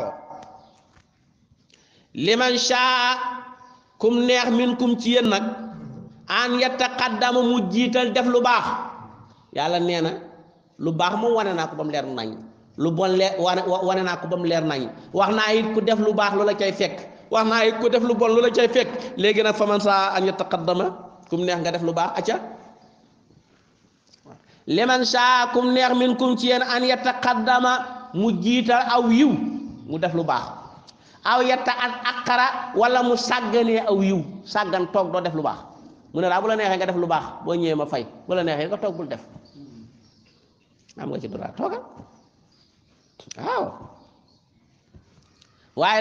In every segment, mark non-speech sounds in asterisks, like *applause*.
waaw liman shaa kum neex min kum ci yéen nag an yataqaddamu mu jiital def lu baax yàlla nee na lu baax moom wane naa ko ba mu leer nañ lu bon leer wane naa ko ba mu nañ wax naa it ku def lu baax lu la cay fekk wax naa yit ku def lu bon lu la cay fekk léegi nag faman saa an yataqaddama kum neex nga def lu baax acca liman shaa kum neex min kum ci yéen an yataqaddama mu jiital aw yiw mu def lu baax aw yetta ak akara wala mu sàgganee aw yiw sàggan toog doo def lu baax mu ne daa bu la neexee nga def lu baax boo ñëwee ma fay bu la neexee nga toog bul def am nga ci dara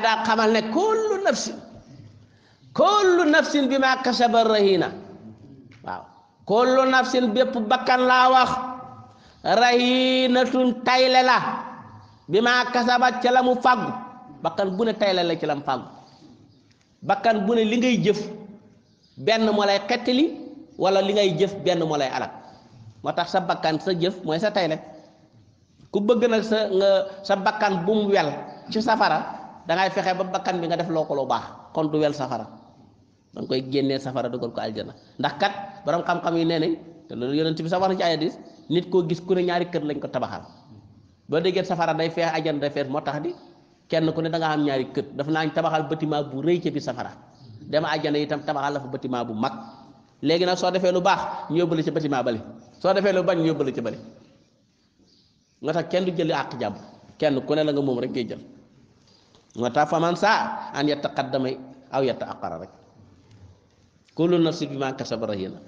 daa xamal ne kullu nafsin kullu nafsin bi ma kasaba rahina waaw kullu nafsin bépp bakkan laa wax rahinatun tayle la bi maa kasabat ca la mu fàggu bakkan bu ne tayla la ci lam fàggu bakkan bu ne li ngay jëf benn moo lay xettali wala li ngay jëf benn moo lay alal moo tax sa bakkan sa jëf mooy sa tayle ku bëgg nag sa nga sa bakkan bu mu wel ci safara dangay fexe ba bakkan bi nga def loo ko lu baax kon du wel safara danga koy génnee safara dugal ko aljana ndax kat borom xam-xam yi nee nañ te loolu yonent bi sax wax na ci ay nit koo gis ku ne ñaari kër lañ ko tabaxal boo déggee safara day kenn ku ne da am ñaari kët daf naañ tabaxal bâtiment bu rëy ci bi safara dem ajana itam tabaxal la fa bâtiment bu mag léegi nag soo defee lu baax ñu yóbbale ci bâtiment bale soo defee lu bañ ñu yóbbale ci bale tax kenn du jëli àq jàmm kenn ku ne la nga moom rek ngay jël nga tax faman saa an yetta xaddamay aw yetta aqara rek kullu nafsin bimaa kasabat rahina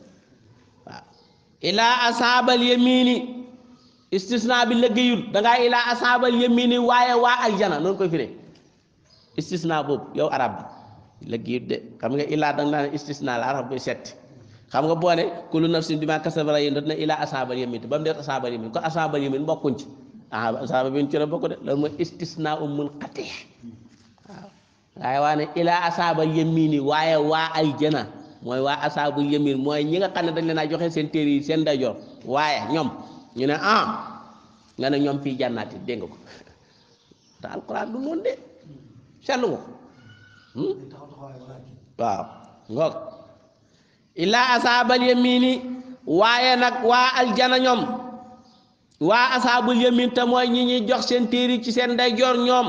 waaw ilaa asaabal yamiini istisna bi lëggéeyul da ngaa ilaa asaabal yamini waaye waa aljana noonu koy firee istisna boobu yow arab bi de xam nga ilaa da nga naan la arab koy xam nga boo ne kullu nafsin bi ma kasabat rayyin dot na ilaa ba mu def asaabal yamin kon asaabal yamin bokkuñ ci ah asaabal yamin ci la bokk de mooy waaye waa ne ilaa mooy waa asaabal yamin mooy ñi nga xam ne dañ leen a joxe seen téere yi seen dajor waaye ñoom ñu ne ah nga ne ñoom fii jànnaati dégg ko *laughs* te alquran du noonu de seetlu nga ko hmm? asaabal yamini waaye nag waa aljana ñoom waa asaabul yamin te mooy ñi jox seen téeri ci seen ndeyjoor ñoom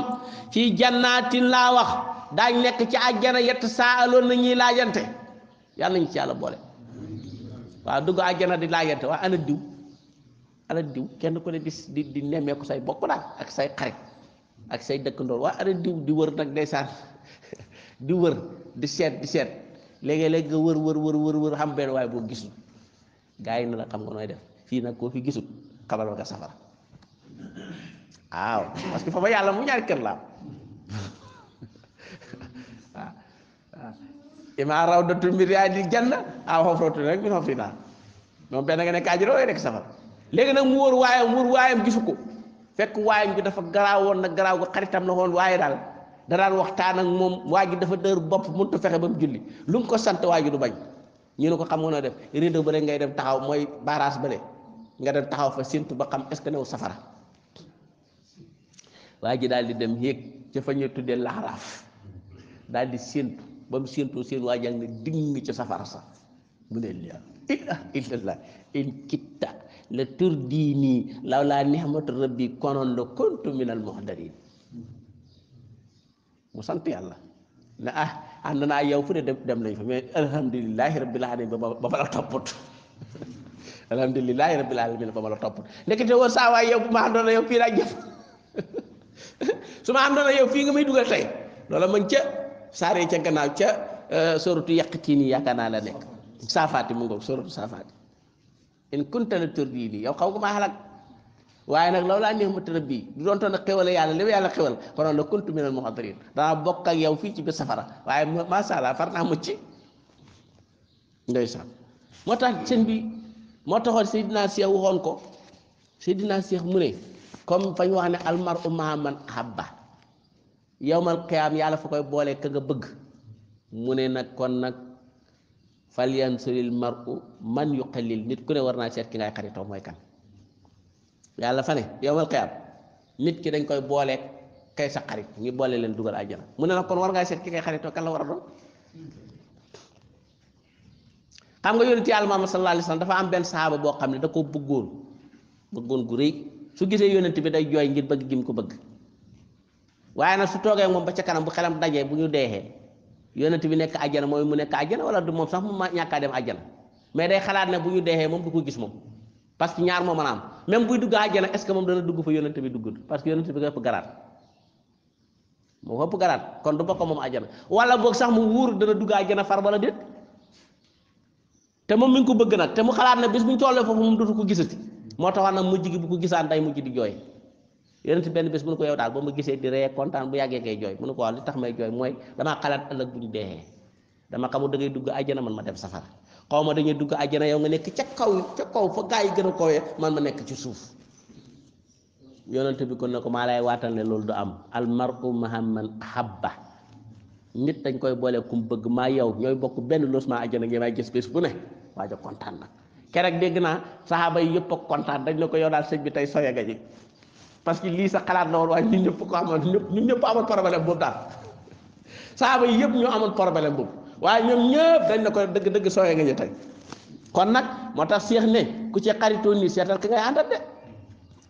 fii jannaatin laa wax daañ nekk ci àjjana yett saa aloon na ñuy laajante yàlla nañ ci yàlla boole waaw dugg àjjana di laajante waa ana diw alal diw kenn ko ne di di nemmeeku say bokk daal ak say xarit ak say dëkkandoor waa alal diw di wër nag ndeysaan *laughs* di wër di seet di seet léegi-léegi nga wër wër wër wër xam benn waaye boo gisul gaa yi na la xam nga nooy def fii nag koo fi gisul xamal nga safara waaw parce que fa yàlla mu ñaari kër la *laughs* waaw waaw imaa rawdatu min riyaadil janna aw ah, xufratun min xufrin naar moom benn nga nekk àjjana wala nekk safara léegi nag mu wóor waayam mu wóor waayam gisu ko fekk waayam gi dafa garaawoon nag garaaw ga xaritam la woon waaye daal da daan waxtaan ak moom waa ji dafa dër bopp mënut a fexe ba mu julli lu mu ko sant waa ji du bañ ñu ne ko xam nga def rideau ba ngay dem taxaw mooy barrage ba nga dem taxaw fa séntu ba xam est-ce que new safara waa ji daal di dem yéeg ca fa ñu tuddee laxaraaf daal di séntu ba mu séntoo seen waa jàng ne ding ci safara sax mu ne laa la turdini law laa nihmatu rabbi konoon la kuntu minal muhdarin mu sant yàlla ne ah ànd naa yow fu ne dem nañ fa mais alhamdulilahi rabbil alamin ba ma la topput *laughs* alhamdulilahi rabbil alamin ba ma la topput ndekete woon saa waay yow bu ma àndoon yow fii laa jëf *laughs* su ma àndoon yow fii nga may dugal tey loola man ca saaree ca gannaaw ca euh, soratu yàq tii nii yaakaar naa la nekk saafaati mu ngoog soratu saafaati in kunta la turdi nii yow xaw nga maa xalak waaye nag loolu laa neex ma tërëb bii du doon nag xewale yàlla li ma yàlla xewal konoon la kuntu minal muhadirin bokk ak yow fii ci biir safara waaye macha allah far naa mucc ndeysaan moo tax sëñ bi moo taxoon Seydina Cheikh waxoon ko Seydina Cheikh mu ne comme fa ñu wax ne almaru maa man ahabba yowmal qiyaam yàlla fa koy boolee ka nga bëgg mu ne nag kon nag falyansuril mar'u man yuqallil nit ku ne war naa seet ki ngay xaritoo mooy kan yàlla fa ne yowmal qiyaam nit ki dañ koy booleeg kay sa xarit ñu boole leen dugal àjjana mu ne nag kon war ngaa seet ki ngay xaritoo kan la war a doon xam nga yonent yàlla Muhammad sallallahu alayhi wasallam dafa am benn saaba boo xam ne da ko bëggoon bëggoon gu rëy su gisee yonent bi day jooy ngir bëgg gi ko bëgg waaye nag su toogee moom ba ca kanam bu xelam dajee bu ñu deexee yonent bi nekk àjjana mooy mu nekk àjjana wala du moom sax mu ñàkkaa dem àjjana mais day xalaat ne bu ñu deexee moom du ko gis moom parce que ñaar moo mën a même buy dugg àjjana est ce que moom dana dugg fa yonent bi duggul parce que yonent ko ëpp moo ëpp garaat kon du bokk moom àjjana wala boog sax mu wóor dana dugg àjjana far wala déet te moom mi ko bëgg nag te mu xalaat ne bis bu ñu tollee foofu moom dootu ko gisati moo taxoon nag mujj gi bu ko gisaan day mujj di jooy yonent benn bés mu ne ko yow boo ma gisee di ree kontaan bu yàggee ngay ko waaw li tax mooy damaa xalaat ëllëg bu dama xamul da ngay dugg àjjana man ma dem safara xaw ma dañuy dugg àjjana yow nga nekk ca kaw ca kaw fa gën a kawee man ma nekk ci suuf yonent bi kon ne ko maa lay waatal ne loolu du am almaru mahamman habba nit dañ koy boole kum bëgg maa yow ñooy bokk benn losement àjjana ngi may gis bés bu ne waaja kontaan na keroog dégg naa saxaaba yi yëpp ak kontaan dañ ne ko yow daal sëñ bi tey soye nga parce que lii sa xalaat la woon waaye ñun ñëpp ko amoon ñun ñëpp amoon problème boobu daal saaba yi yëpp ñoo amoon problème boobu waaye ñoom ñëpp dañ na ko dëgg dëgg sooyee nga ñu tey kon nag moo tax seex ne ku ci xaritoo nii seetal ki ngay àndal de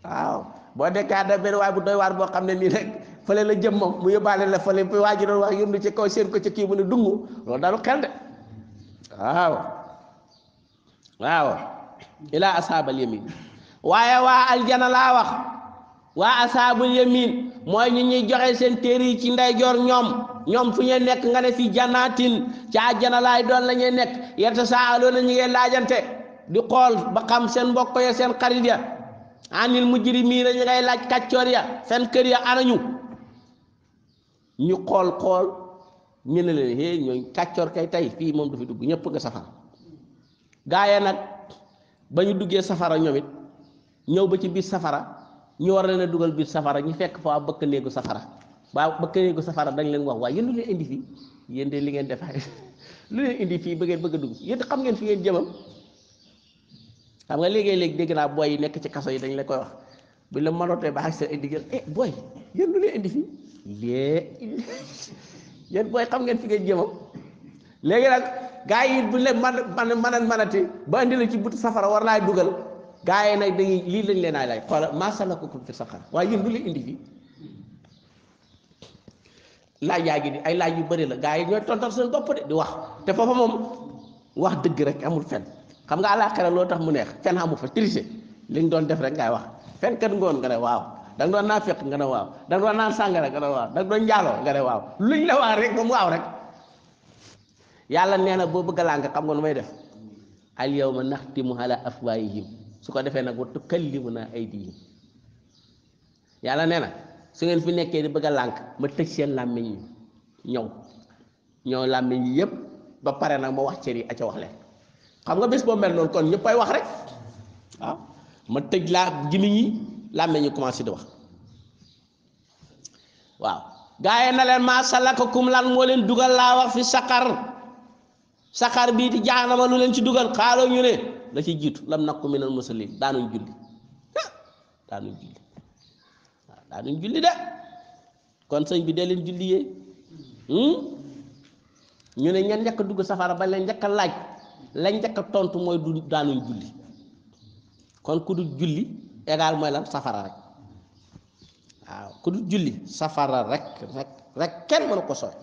waaw boo dekkee àndal benn waaye bu doy waar boo xam ne nii rek fële la jëm moom mu yóbbaale la fële waa ji doon wax yëndu ci kaw seen ko ci kii mu ne dungu loolu dalu xel de waaw waaye waa aljana laa wax waa asaabul yamin mooy ñu ñuy joxe seen téere yi ci ndeyjoor ñoom ñoom fu ñuy nekk nga ne fi janaatin ci àjjana doon la nekk nekk yetta saaloon na ñu ngi laajante di xool ba xam seen mbokk ya seen xarit ya anil mujrimiina ñu ngay laaj kàccoor seen kër ya anañu ñu xool xool ñu ne leen hé ñooñ kàccoor kay tey fii moom du fi dugg ñëpp nga safara gaaya nag ba ñu duggee safara ñoom ñëw ba ci biir safara ñu war leen a dugal biir safara ñu fekk fa bëkk néegu safara waaw bëkk néegu safara dañ leen wax waaye yéen lu leen indi fii yéen de li ngeen def *laughs* lu indi fii ba bëgg a dugg yéen xam ngeen fi ngeen jëmam xam nga léegi-léegi naa booy yi nekk ci kaso yi dañ la koy bu la manootee ba ak seen indi ngeen eh booy lu leen indi fii lée *laughs* yéen booy xam ngeen fi ngeen jëmam léegi nag gaa yi bu leen man man manati ba indi la ci butu safara war laay dugal gaa yi nag dañuy lii lañ leen ay laaj xoola maasalakukum fi saqar waaye yéen lu la indi fii laaj yaa ay laaj yu bëri la gaa yi ñooy tontal seen bopp de di wax te foofa moom wax dëgg rek amul fen xam nga àllaaxira loo tax mu neex fen amu fa tricher liñ doon def rek ngay wax fen kat ngoon nga ne waaw da doon naa fekk nga ne waaw da nga doon naan sàngara nga ne waaw da nga doon njaaloo nga ne waaw liñ la wax rek moom waaw rek yàlla nee na boo bëgg a xam nga nu may def al yawma naxtimu ala afwaayihim su ko defee nag wa tukallimuna aydihim yàlla nee na su ngeen fi nekkee di bëgg a lànk ma tëj seen làmmiñ yi ñëw ñëw làmmiñ yi yépp ba pare nag ma wax cër yi a ca wax leen xam nga bés boo mel lool kon ñëpp ay wax rek waaw ah, ma tëj laa gimiñ yi làmmiñ yi commencé di wax waaw gaaye na leen maa salakakum lan moo leen dugal laa wax fi saqar saqar bii di jaanama lu leen ci dugal xaaloo ñu ne la ci jiitu lam nakku minal musallin daanuñ julli ah, daanuñ julli waaw daanuñ julli de kon sëñ bi dee leen julli yee hmm? ñu ne ñan njëkk dugg safara ba la njëkk laaj lañ njëkk tontu mooy du daanuñ julli kon ku dul julli égal mooy lan safara rek waaw ku dul julli safara rek rek kenn mënu ko sooy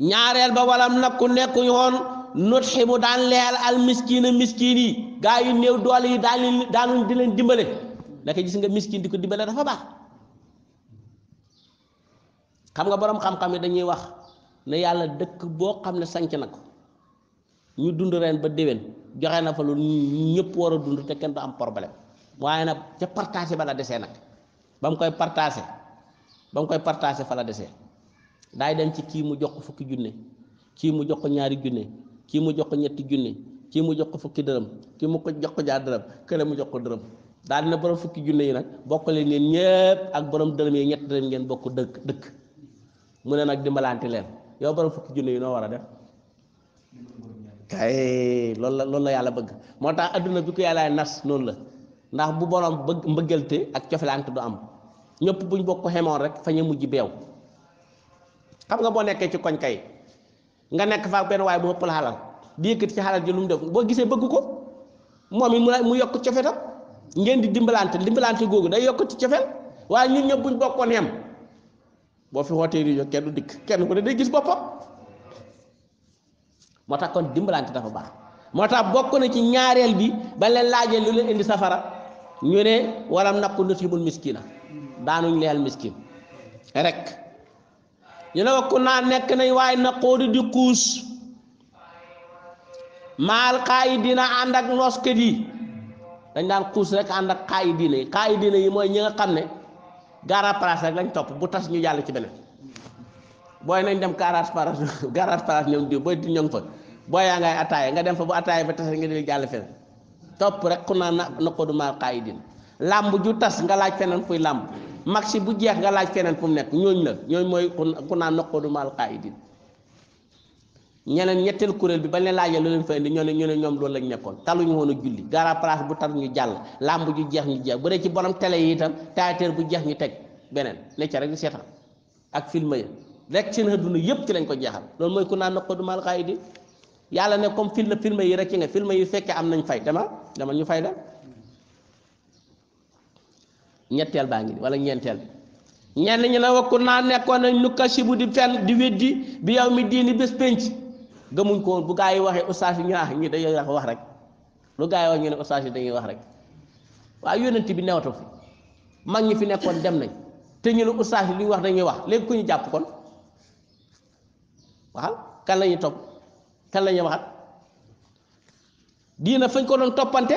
ñaareel ba walam nag ku nekkuñ woon nutximu daan leel al miskiina miskiin yi gaa yu néew dool yi daan leen daan di leen dimbale naka gis nga miskiin di ko dimbale dafa baax xam nga boroom xam-xam yi dañuy wax ne yàlla dëkk boo xam ne sanc na ko ñu dund ren ba déwén joxe na fa lu ñëpp war a dund te kenn du am problème waaye nag ca partagé ba la desee nag ba mu koy partagé ba mu koy partagé fa la desee daay dem ci kii mu jox ko fukki junne kii mu jox ko ñaari junne kii mu jox ko ñetti junni kii mu jox ko fukki dërëm kii mu ko jox ko jaar dërëm kële mu jox ko dërëm daal na borom fukki junne yi nag bokk leen yéen ak borom dërëm yi ñetti dërëm ngeen bokk dëkk dëkk mu ne nag dimbalante leen yow borom fukki junne yi noo war a def loolu la loolu la yàlla bëgg moo tax adduna bi nas noonu la ndax bu borom bëgg mbëggalte ak coflante du am ñëpp buñ bokk xemoon rek fa ñu mujj beew xam nga boo nekkee ci koñ kay nga nekk fa benn waaye mu ëpp la xalal di yëkkati ci xalal ji lu mu def boo gisee bëgg ko moom it mu mu yokk cofetam ngeen di dimbalante dimbalante googu day yokk ci cofeel waaye ñun ñëpp buñ bokkoon yem boo fi xootee réunion kenn du dikk kenn ku ne day gis boppa moo tax kon dimbalante dafa baax moo tax bokk na ci ñaareel bi ba leen laajee lu leen indi safara ñu ne waram nakku nut yi bul miskina daanuñ leel miskin rek ñu ne ko ku naa nekk nañ waaye na xóodu di kuus maal xaa yi dina ànd ak noskat yi dañ daan kuus rek ànd ak xaa yi diine yi xaa mooy ñi nga xam ne garage place rek lañ topp bu tas ñu jàll ci beneen booy nañ dem garage place garage ñoom diw booy di ñoŋ fa booy yaa ngay ataaya nga dem fa bu ataaya ba tas nga di jàll feneen topp rek ku naa na na xóodu maal xaa yi diine làmb ju tas nga laaj feneen fuy làmb maxi bu jeex nga laaj keneen fu mu nekk ñooñ la ñooñ mooy ku naa noqodu maal qaayidin ñeneen ñetteel kuréel bi ba ne laajee lu leen fa indi ñoo ne ñoo ñoom loolu lañ nekkoon taluñu woon a julli gara place bu tar ñu jàll làmb ju jeex ñu jeex bu dee ci borom télé yi itam théâtre bu jeex ñu teg beneen ne ca rek di seetaan ak film ya rek seen dund yépp ci lañ ko jeexal loolu mooy ku naa noqodu maal qaayidin yàlla ne comme film film yi rek ci nga film yi fekkee am nañ fay dama dama ñu fay la ñetteel baa ngi nii wala ñeenteel ñenn ñi ne wakku naa nekkoon nañ nu kasibu di fenn di weddi bi yow mi diini bés pénc gëmuñ ko bu gaa yi waxee ustaas yi ñu ah ñi dañuy wax rek lu gaa yi wax ñu ne ustaas dañuy wax rek waa yónnent bi newatu mag ñi fi nekkoon dem nañ te ñu ne ustaas yi lu ñu wax dañuy wax léegi ku ñu jàpp kon waxal kan la ñuy topp kan la waxat diina fañ ko doon toppante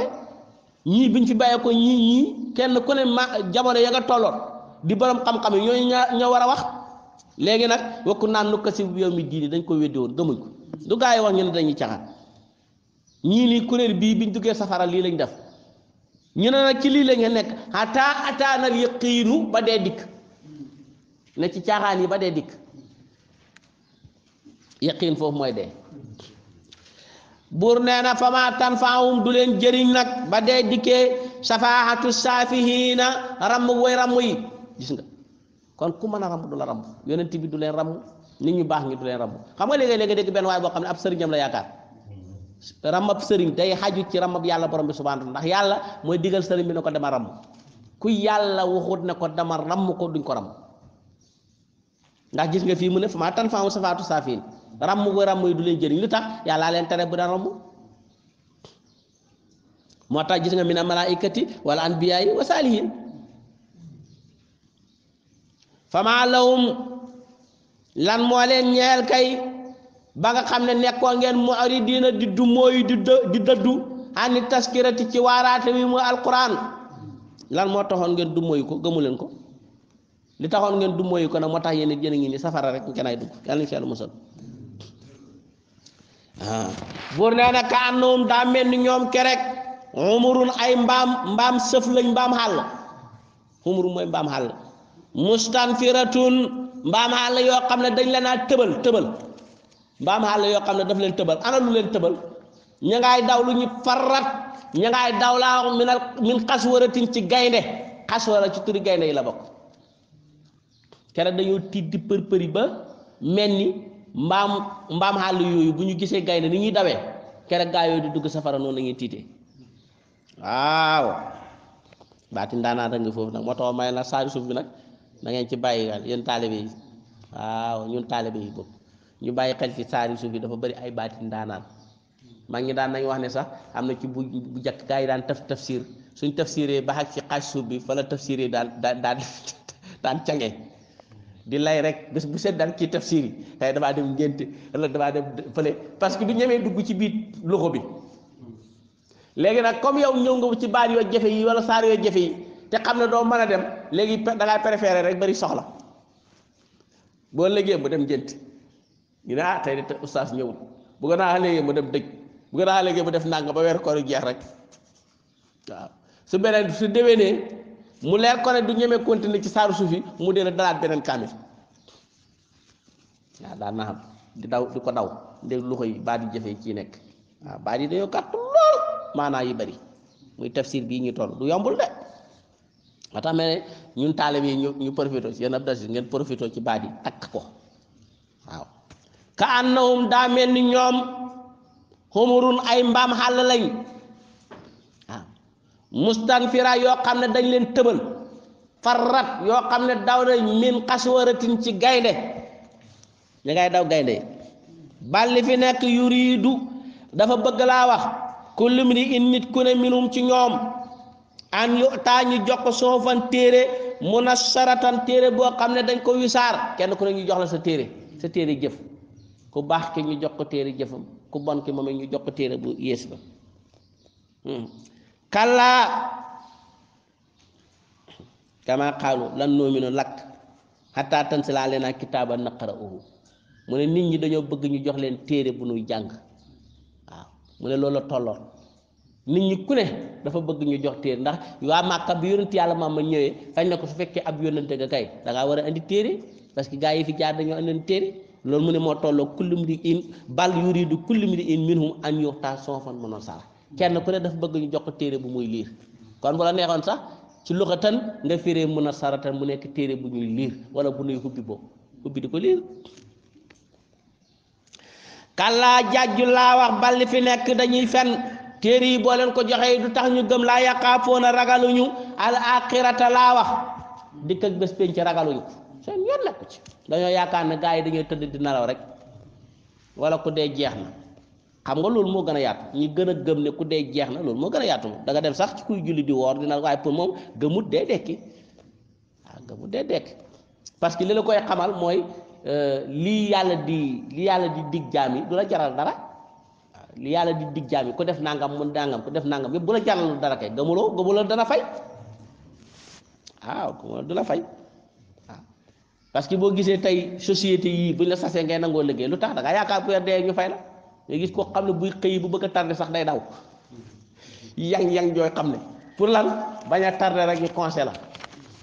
ñii biñ fi bàyyee ko ñii ñii kenn ku ne ma jamono ya nga tolloon di borom xam-xam yi ñooy ñaa ñoo war a wax léegi nag wakku naan nukka si yow mi diini dañ ko weddi woon gëmuñ ko du gaa yi wax ñu ne dañuy caxaan ñii nii kuréel bii biñ duggee safara lii lañ def ñu ne nag ci lii la nga nekk xataa ataanal yaqiinu ba dee dikk ne ci caaxaan yi ba dee dikk yaqiin foofu mooy dee buur nee na fama tanfaahum du leen jëriñ nag ba dee dikkee safaahatu saafihiina ramm way ramm yi gis nga kon ku mën a ramm du la ramm yonent bi du leen ramm nit ñu baax ngi du leen ramm xam nga léegi-léegi dégg benn waaye boo xam ne ab sëriñam la yaakaar rammab sëriñ day xaju ci ramb yàlla borom bi subhanahu ndax yàlla mooy digal sëriñ bi ne ko dama ramm ku yàlla waxut ne ko dama ramm ko duñ ko ramm ndax gis nga fii mu ne fama tanfaahum safaahatu ràmm bu ràmm yi du leen jëriñ lu tax yàllaa leen tere bu da romb moo tax gis nga mina malaikati wala anbiya yi wa saalihin fama lawum lan moo leen ñeel kay ba nga xam ne nekkoo ngeen mu ari diina di du mooy di di dëddu ani taskirati ci waaraate wi mu alquran lan moo taxoon ngeen du mooy ko gëmu leen ko li taxoon ngeen du mooy ko nag moo tax yéen it yéen a safara rek ngeen ay dugg yàlla ñu fi yàlla musal buur nee na ka annahum daa mel ni ñoom kerek umurun ay mbaam mbaam sëf lañ mbaam xàll umurun mooy mbaam xàll mustanfiratun mbaam xàll yoo xam ne dañ leen a tëbal tëbal mbaam xàll yoo xam ne daf leen tëbal ana lu leen tëbal ña ngaay daw lu ñu farat ña daw laa min min xaswaratin ci gaynde xaswara ci turi gaynde yi la bokk kere dañoo tiit di përpëri ba mel ni mbaam mbaam xàll yooyu bu ñu gisee gaynde ni ñuy dawee kere gaa yooyu di dugg safara noonu la ñuy tiitee waaw baati ndaanaa da nga foofu nag moo tax may na saari suuf bi nag da ngeen ci bàyyi yéen taalibe yi waaw ñun taalibe yi boobu ñu bàyyi xel ci saari suuf bi dafa bëri ay baati ndaanaan maa ngi daan nañ wax ne sax am na ci bu bu jàkk gaa yi daan taf tafsir suñ tafsiree ba xag ci xaaj suuf bi fa la tafsiree daan daan *laughs* daan daan cange di lay rek bés bu set daan kii tafsir yi tey damaa dem ngénte wala damaa dem fële parce que du ñemee dugg ci biir loxo bi léegi nag comme yow ñëw nga ci baat yoo jafe yi wala saar yoo jafe yi te xam ne doo mën a dem léegi da ngaa préféré rek bari soxla boo légee mu dem ngénte ñu ne ah tey de oustaz ñëwul bu ko naa léegi mu dem dëj bu ko naa léegi mu def nanga ba weer koor jeex rek waaw su beneen su déwénee mu leer ko du ñeme continuer ci saaru suuf mu dee dalaat beneen kaamil waaw daan naa di daw di ko daw ndég loxo yi baat yi jafe ciy nekk waaw baat yi dañoo kàtt lool maanaa yu bari muy tafsir bii ñu toll du yombul de ba tax mel ne ñun taalib yi ñu ñu profité ci yéen ab ngeen profité ci baat yi takk ko waaw ka annahum daa mel ni ñoom xumurun ay mbaam xàll lañ mustanfira yoo xam ne dañ leen tëbal farrat yoo xam ne daw na min xaswaratin ci gaynde ña daw gaynde yi balli fi nekk yuriidu dafa bëgg laa wax kullu mri'in nit ku ne minum ci ñoom an yu'taa ñu jox ko soofan téere munassaratan téere boo xam ne dañ ko wisaar kenn ku ne ñu jox la sa téere sa téere jëf ku baax ki ñu jox ko téere jëfam ku bon ki moom ñu jox ko téere bu yées ba hmm. kallaa kama xaalu lan noomino lakk xataa tan si laa leen ak kitaaba naqara uhu mu ne nit ñi dañoo bëgg ñu jox leen téere bu nuy jàng waaw mu ne loolu tolloon nit ñi ku ne dafa bëgg ñu jox téere ndax waa Màkka bi yonent yàlla maam ma ñëwee fañ na ko su fekkee ab yonente nga kay da ngaa war a andi téere parce que gaa yi fi jaar dañoo andoon téere loolu mu ne moo tolloo kullu mri'in bal yuridu kullu mri'in minhum an yu'ta suhufan munazzala kenn ku ne dafa bëgg ñu jox ko téere bu muy liir kon bu la neexoon sax ci luxatan nga fiire mun a saratan mu nekk téere bu ñuy liir wala bu nuy hubbi boo hubbi di ko liir kàllaa jàjju laa wax balli fi nekk dañuy fenn téere yi boo leen ko joxee du tax ñu gëm laa yaqaafoona ragaluñu al axirata laa wax dikk ak bés pénc ragaluñu ko yoon nekku ci dañoo yaakaar ne gars yi dañoo tëdd di nelaw rek wala ko dee jeex na xam nga loolu moo gën a yaatu ñi gën a gëm ne ku dee jeex na loolu moo gën a yaatu moom da nga dem sax ci kuy julli di woor dina waaye pour moom gëmut dee dekki waaw gëmut dee dekki parce que li la koy xamal mooy euh, lii yàlla di yàlla di dig jaam yi du la jaral dara li yàlla di dig jaam def nangam mu nangam ku def nangam yëpp bu dara kay gëmuloo gëmuloo fay waaw gëmuloo dana que boo gisee tey société yii buñ la sasee ngay nangoo liggéey lu tax da nga yaakaar ku dee ñu fay la. nga gis koo xam ne buy xëy bu bëgg a tardé sax day daw yang yang jooy xam ne pour lan bañ a tardé rek ñu conseil la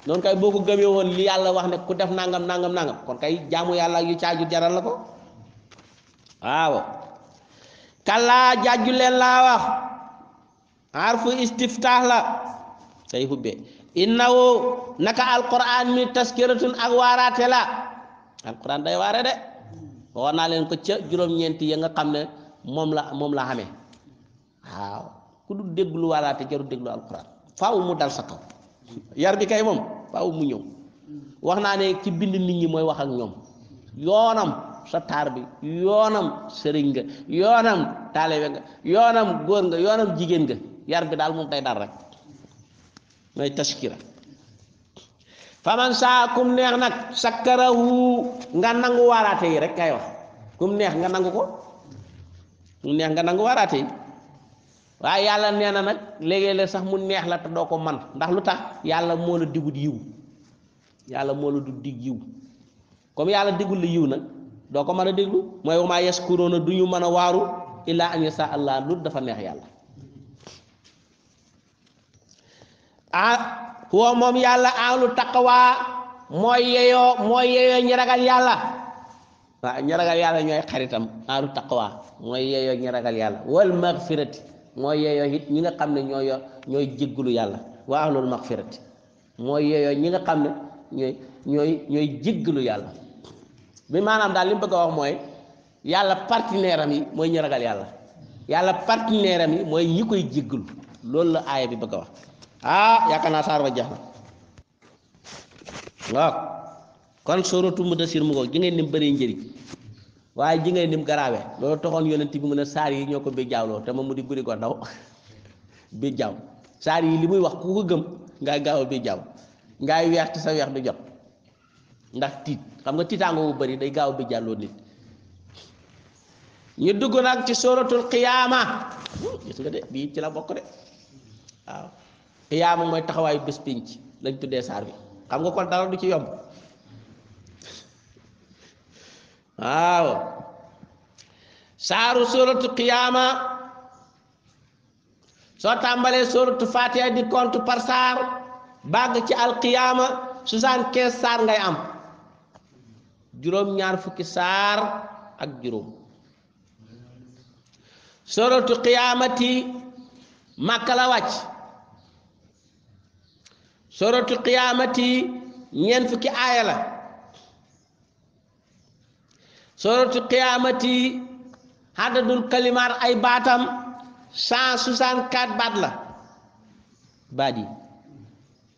noonu kay boo ko gëmee woon lii yàlla wax ne ku def nangam nangam nangam kon kay jaamu yàlla yu caaju jaral la ko waaw kallaa jaaju leen laa wax harfu istiftah la say hubbee innahu naka alquran mi taskiratun ak waaraate la alquran day waare de wax naa leen ko ca juróom-ñeenti ya nga xam ne moom la moom la xamee waaw ku dul déglu waalaate jarul déglu alxuraan faaw mu dal sa kaw yar bi kay moom faaw mu ñëw wax naa ne ci bind nit ñi mooy wax ak ñoom yoonam sa taar bi yoonam sëriñ nga yoonam taalibe nga yoonam góor nga yoonam jigéen nga yar bi daal moom day dal rek mooy taskira faman saa kum neex nag sakkarahu nga nangu waaraate yi rek kay wax kum neex nga nangu ko kum neex nga nangu waaraate yi waaye yàlla nee na nag léegi-léeg sax mu neex la te doo ko man ndax lu tax yàlla moo la digut yiw yàlla moo la du dig yiw comme yàlla digul la yiw nag doo ko mën a déglu mooy wamaa yaskuroona du ñu mën a waaru illaa an yasa allah lu dafa neex yàlla ah huwa moom yàlla ahlu taqwa mooy yeyoo mooy yeyoo ñi yàlla waa ñaragal yàlla ñooy xaritam ahlu taqwa mooy yeyoo ñi yàlla wal magfirati mooy yeyoo it ñi nga xam ne ñooy ñooy jéggulu yàlla wa ahlul magfirati mooy yeyoo ñi nga xam ne ñooy ñooy ñooy yàlla bi maanaam daal li mu bëgg a wax mooy yàlla partenaire am yi mooy ñi yàlla yàlla partenaire yi mooy ñi koy jéggulu loolu la aaya bi bëgg wax ah yaakaar naa saar ba jeex na waaw kon sóoratu Mudassir mu ko ji ngeen nim bëree njëriñ waaye ji ngeen nim garaawe loolu toxoon yonent bi mu ne saar yi ñoo ko bi jaawloo te moom di guri ko ndaw *laughs* bi saar yi li muy wax ku ko gëm ngay gaaw bi jaaw ngay weex te sa weex du jot ndax tiit xam nga tiitaango bu bari day gaaw bi jàlloo nit ñu dugg nag ci sóoratul qiyaama gis nga de bii ci la bokk de waaw xiyaama mooy taxawaayu bés pénc lañ tuddee saar bi xam nga ko dara du ci yomb waaw saaru sóoratu xiyaama soo tàmbalee sóoratu fatiha di compte par saar bàgg ci alxiyaama soixante-quinze saar ngay am juróom-ñaar fukki saar ak juróom sóoratu xiyaamati màkka la wàcc soratu qiyaamati ñeent fukki aaya la soratu qiyaamati hadadul kalimaar ay baatam cent soixante quatre baat la baat yi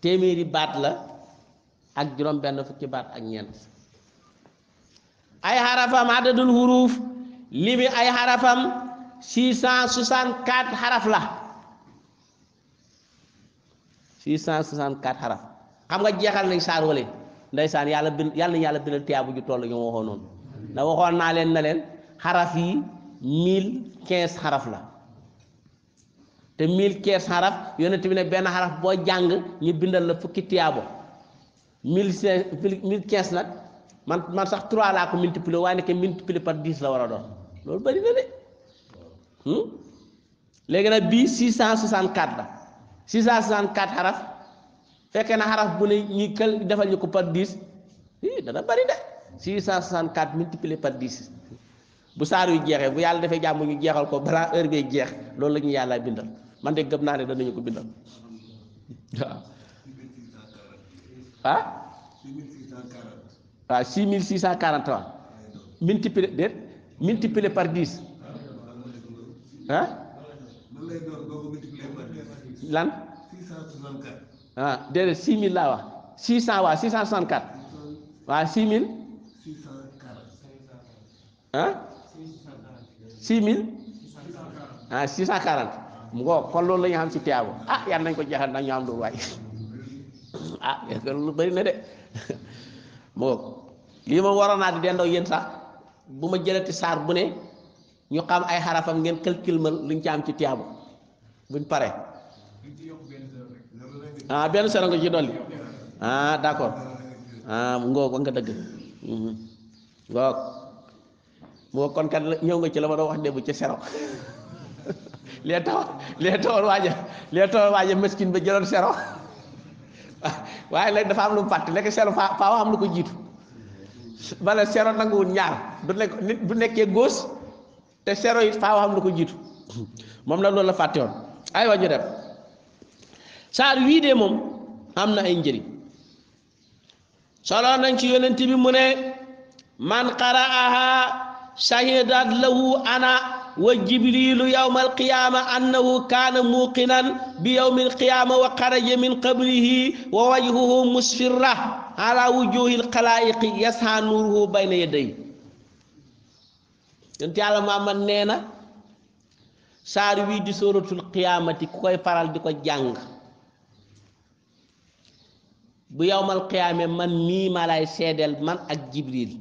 téeméeri baat la ak juróom benn fukki baat ak ñeent ay xarafam hadadul huruuf limi ay xarafam six cent soixante quatre xaraf la 664 xaraf xam nga jeexal nañ saar wale ndeysaan yàlla bind yàlla nañ yàlla bindal tiyaabu ju toll ñu waxoon noonu na waxoon naa leen na leen xaraf yi 1015 xaraf la te 1015 xaraf yonent bi ne benn xaraf boo jàng ñi bindal la fukki tiyaabo 1015 nag man man sax 3 laa ko multiplier waaye nekk multiplier par 10 la war a doon loolu bëri na de hmm? léegi nag bii 664 la. 664 xaraf fekkee na xaraf bu ne ñi kël defal ñu ko par 10 i dana bari de 664 multiplié par 10 bu saar yu jeexee bu yàlla defee jàmm ñu jeexal ko balaa heure bee jeex loolu la ñu yàlla bindal man de gëm naa ne danañu ko bindal waaw ah waaw ah, 6640 waaw multiplié déet multiplié par 10 ah lan. 664. ah déedéet 6000 laa wax 600 waa 664. waa 6000. 640. ah. 6000. ah 640. mu ko kon loolu la ñu xam si tiyaabo ah yal nañu ko jeexal nag ñu am loolu waay *laughs* ah lu bëri na de *laughs* moo lii moom waroon naa di dendoo yéen sax bu ma jëlati saar bu ne ñu xam ay xarafam ngeen calcul ma luñ ci am ci tiyaabo buñ pare Ah, benn sërëm nga ci dolli ah d'accord ah ngoo ko nga dëgg mhm. ngoo moo kon kat ñëw nga ci la ma doon wax démb ci sero *laughs* lee taw lee tawoon waaja lee tawoon waaja meskin jëloon sero *laughs* waaye léegi dafa am lu mu fàtte léegi sero faa faa am lu ko jiitu bala sero nanguwul ñaar du nekk nit bu nekkee góos te sero yi faa am lu ko jiitu *laughs* moom la loolu la fàtte woon ay wa dem saar wii de moom am na ay njëriñ solo nañ ci yonent bi mu ne man qara'aha shahidat lahu ana wa jibrilu yawma alqiyama annahu kaana muqinan bi yawmi alqiyama wa xaraja min qabrihi wa wajhuhu musfirra ala wujuhi alxalaiqi yasha nuruhu bayna yaday yonent yàlla Muhammad nee na saar wii di suratul qiyamati ku koy faral di ko jàng bu yowmal qiyaame man mii maa laay seedeel man ak jibril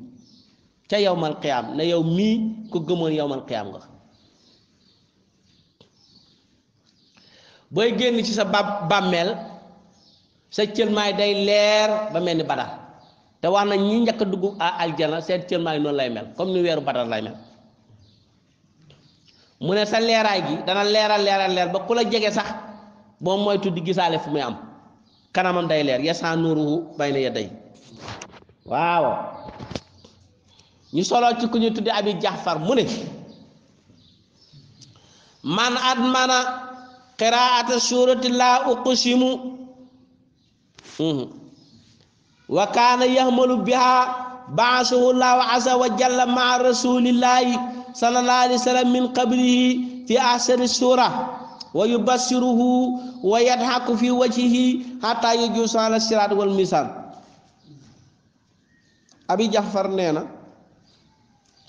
ca yowmal qiyaam ne yow mii ko gëmoon yowmal qiyaam nga booy génn ci sa bàmmeel sa cëlmaay day leer ba mel ni badar te wax na ñi njëkk a dugg aljana seen cëlmaay noonu lay mel comme ni weeru badar lay mel mu ne sa leeraay gi dana leeral leeral leer ba ku la jege sax boo moytu di gisaale fu muy am kanamam day leer yasaa nuuruhu bayna yaday waaw ñu solo ci ku ñu tudde abi jaxfar mu ne man admana qiraata suurati uqsimu wa kaana yahmalu biha baasuhu llahu wa jalla maa rasulillahi sallallahu alayhi min qablihi fi ahsani suura wa yubassiruhu wa yadhaku fi wajhihi hatta yajuusu ala siraat wal misaan abi nee na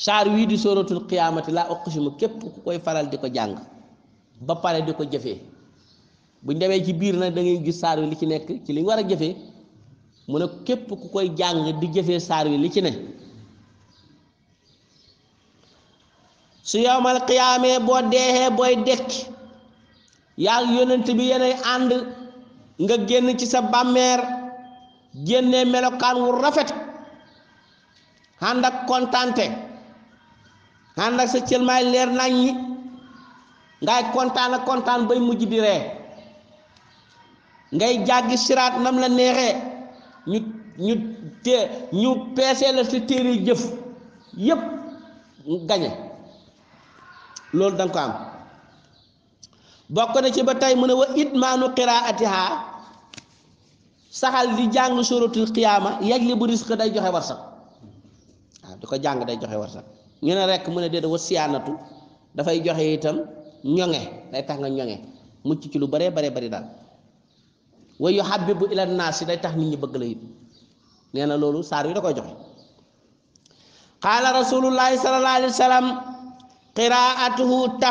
saar wii di suratul qiyaamati laa uqsimu képp ku koy faral di ko jàng ba pare di ko jëfee bu demee ci biir nag da gis saar wi li ci nekk ci liñ war a jëfee mu ne képp ku saar wi li ci ne su yowmal qiyaamee boo deexee booy dekki yaa yonent bi yeney ànd nga génn ci sa bàmmeer génnee melokaan wu rafet ànd ak kontante ànd ak sa cëlmaay leer nañ ñi ngay kontaan kontaan bay mujj di ree ngay jàggi siraat nam la neexee ñu ñu te ñu peesee la sa téere jëf yépp gañe loolu danga ko am bokk na ci ba tey mu ne wa itmaanu qiraatiha saxal di jàng suratul qiyaama yajli bu risque day joxe warsak waaw di ko jàng day joxe warsak ñu ne rekk mu ne déedéet wa siyaanatu dafay joxe itam ñoŋe day tax nga ñoŋe mucc ci lu baree bare bari daal wa yu xàbbibu ila naas day tax nit ñi bëgg la nee na loolu saar yu da joxe qaala rasulullahi sallallahu alayhi wa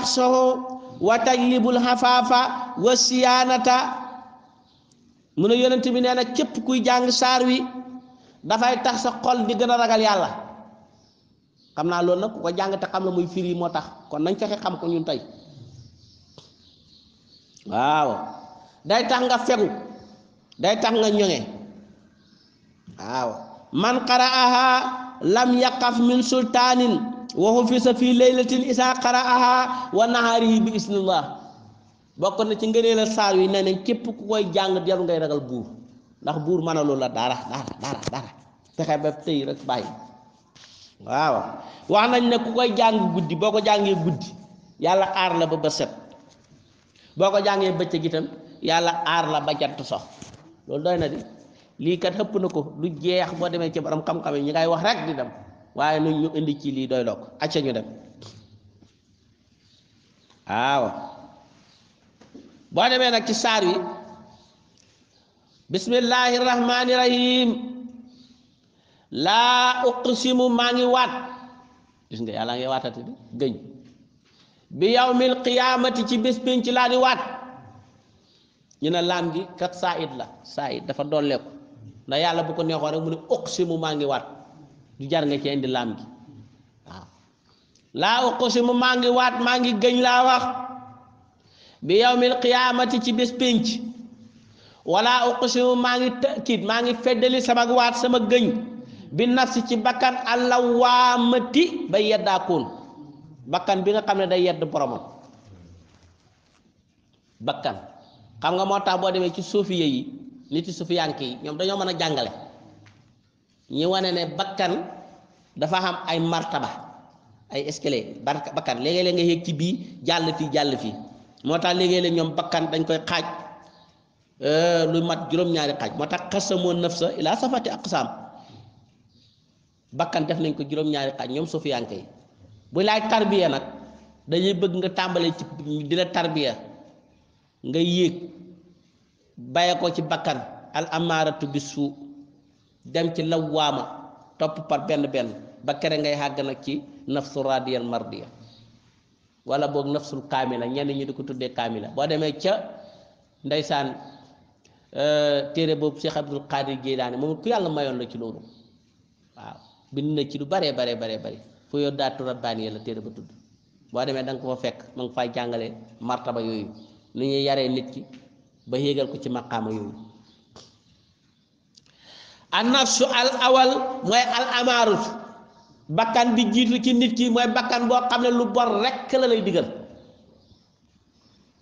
sallam wa tajlibul xafaafa wa siyaanata mu ne yonent bi nee na képp kuy jàng saar wi dafay tax sa xol di gën a ragal yàlla xam naa lool nag ku ko jàng te xam la muy firi moo tax kon nañ fexe xam ko ñun tey waaw day tax nga fegu day tax nga ñoŋe waaw man qara'aha lam yaqaf min sultaanin waxufisa fii laylatin isaa qaraaha wa nahaarihi bi isnillah bokk na ci ngëneel a saal wi nee nañ képp ku koy jàng jarul ngay ragal buur ndax buur mën la dara dara dara dara fexe ba tey rek bàyyi waaw wax nañ ne ku koy jàng guddi boo ko jàngee guddi yàlla aar la ba ba set boo ko jàngee bëccëg itam yàlla aar la ba jant sox loolu doy na di lii kat xëpp na ko lu jeex boo demee ci borom xam-xam yi ñi ngay wax rek di dem waaye nu ñu indi ci lii doy loo ko acca dem waaw boo demee nag ci saar wi bismillahi rahmaani rahim laa uqsimu maa ngi waat gis nga yàlla ngay waatati bi gëñ bi yawmil qiyaamati ci bés pénc ci laa di ñu ne laam gi kat saa it la saa it dafa dolleeku ndax yàlla bu ko neexoon rek mu ne uqsimu maa ngi waat du jar nga ci indi laam gi waaw laa uqsimu maa ngi waat maa ngi gëñ laa wax bi yawmil qiyaamati ci bés pénc wala uqsimu maa ngi tëkkit maa ngi feddali sama waat sama gëñ bi nafsi ci bakkan allah waamati bay yeddaakoon bakkan bi nga xam ne day yedd boromam bakkan xam nga moo tax boo demee ci suufiya yi nit yi suufiyanke yi ñoom dañoo mën a jàngale ñi wane ne bakkan dafa am ay martaba ay escalier bakkan léegi-léeg nga yéeg ci bii jàll fii jàll fii moo tax léegi-léeg ñoom bakkan dañ koy xaaj euh, lu mat juróom-ñaari xaaj moo tax xasamoo nafsa ilaa safati aqsaam bakkan def nañ ko juróom-ñaari ñoom sufiyanke bu laay tarbiya nag dañuy bëgg nga tàmbalee ci di la tarbiya nga yéeg bàyyi ko ci bakkan al amaaratu bisu dem ci lawaama topp par benn benn ba kere ngay xàgg nag ci nafsu radiyal mardiya wala boog nafsul kaamila ñenn ñi di ko tuddee kaamila boo demee ca ndeysaan euh, téere boobu Cheikh Abdul Qadir Jeylaani moom ku yàlla mayoon la ci loolu waaw bind na ci lu baree bare baree bari fu yor daatu rabbaani la téere ba tudd boo demee da nga ko fa fekk ma nga fay jàngale martaba yooyu ni ñuy yaree nit ki ba yéegal ko ci maqaama yooyu annafsu al awal mooy al bakkan bi jiitu ci nit ki mooy bakkan boo xam ne lu bon rekk la lay digal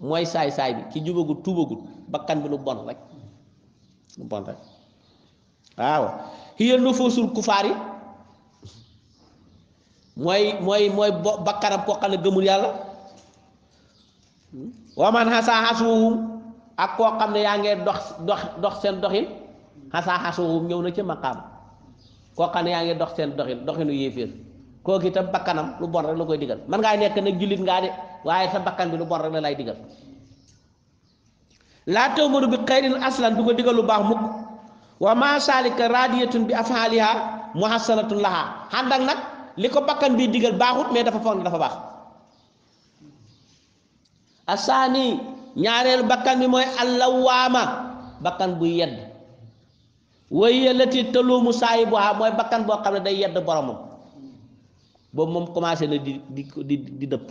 mooy saay-saay bi ci jubagut tubagut bakkan bi lu bon rek lu bon rek waaw hiya nufusul kufaar yi mooy mooy mooy bo bakkanam koo xam ne gëmul yàlla waman xasaa xasuuhum ak koo xam ne yaa ngee dox dox dox seen doxin xasaa xasowum ñëw na ca maqaam koo xam ne yaa ngi dox seen doxin doxinu yéeféer kooku itam bakkanam lu bon rek la koy digal man ngaa nekk nag jullit ngaa de waaye sa bakkan bi lu bon rek la lay digal laa tawmaru bi xayrin aslan du ko digal lu baax mukk wa ma salika radiyatun bi afaliha muhassanatun laha xànd ak nag li ko bakkan bi digal baaxut mais dafa foog ne dafa baax asaani ñaareel bakkan bi mooy allawaama bakkan buy yedd waaye lati taluumu saahibuhaa mooy bakkan boo xam ne day yedd boromam boobu moom commencé na di di di di dëpp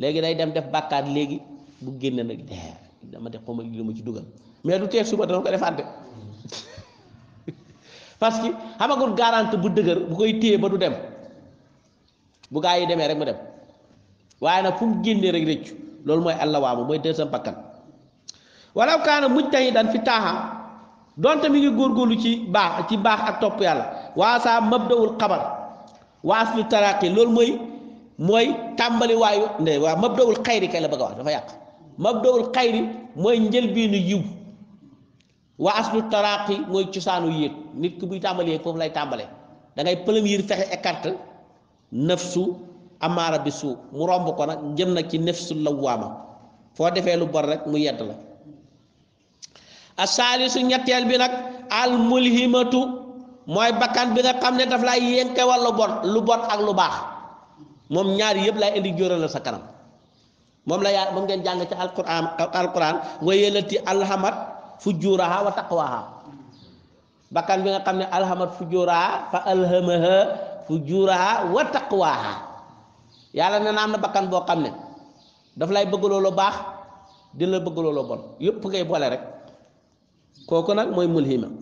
léegi day dem def bàkkaat léegi bu génne nag deer dama def xawma li ma ci dugal mais du teeg suba dana ko defaat de *laughs* parce que xamagul garante bu dëgër bu koy téye ba du dem bu gaa yi demee rek mu dem waaye nag fu mu génnee rek rëccu loolu mooy allawaamu mooy deuxième bakkan walaw kaana mujtahidan fi taaxa donte mi ngi góorgóorlu ci baax ci baax ak topp yàlla mab mabdawul xabar waas lu taraqi loolu mooy mooy tàmbali waayu nde waa mabdawul xayri kay la bëgg wax dafa yàq mabdawul xayri mooy njëlbeenu yiw wa aslu taraqi mooy cosaanu yéeg nit ki buy tàmbali yéeg foofu lay tàmbale dangay ngay premier fexe écarte nafsu amaara bi suu mu romb ko nag jëm na ci nafsu lawaama foo defee lu bor rek mu yedd la asaalisu ñetteel bi nag al mulhimatu mooy bakkan bi nga xam ne daf lay yénke wal lu bon lu bon ak lu baax moom ñaar yëpp lay indi jóoral sa kanam moom la yaa moom ngeen jàng ci alquran alquran wa yëlati alhamat fujuraha wa bi nga xam ne alhamat fujuraha fa alhamaha wa taqwaha yàlla ne na am na bakkan boo xam ne daf lay bëggaloo lu baax dina la bëggaloo lu bon yëpp ngay boole rek kooku nag mooy mulhima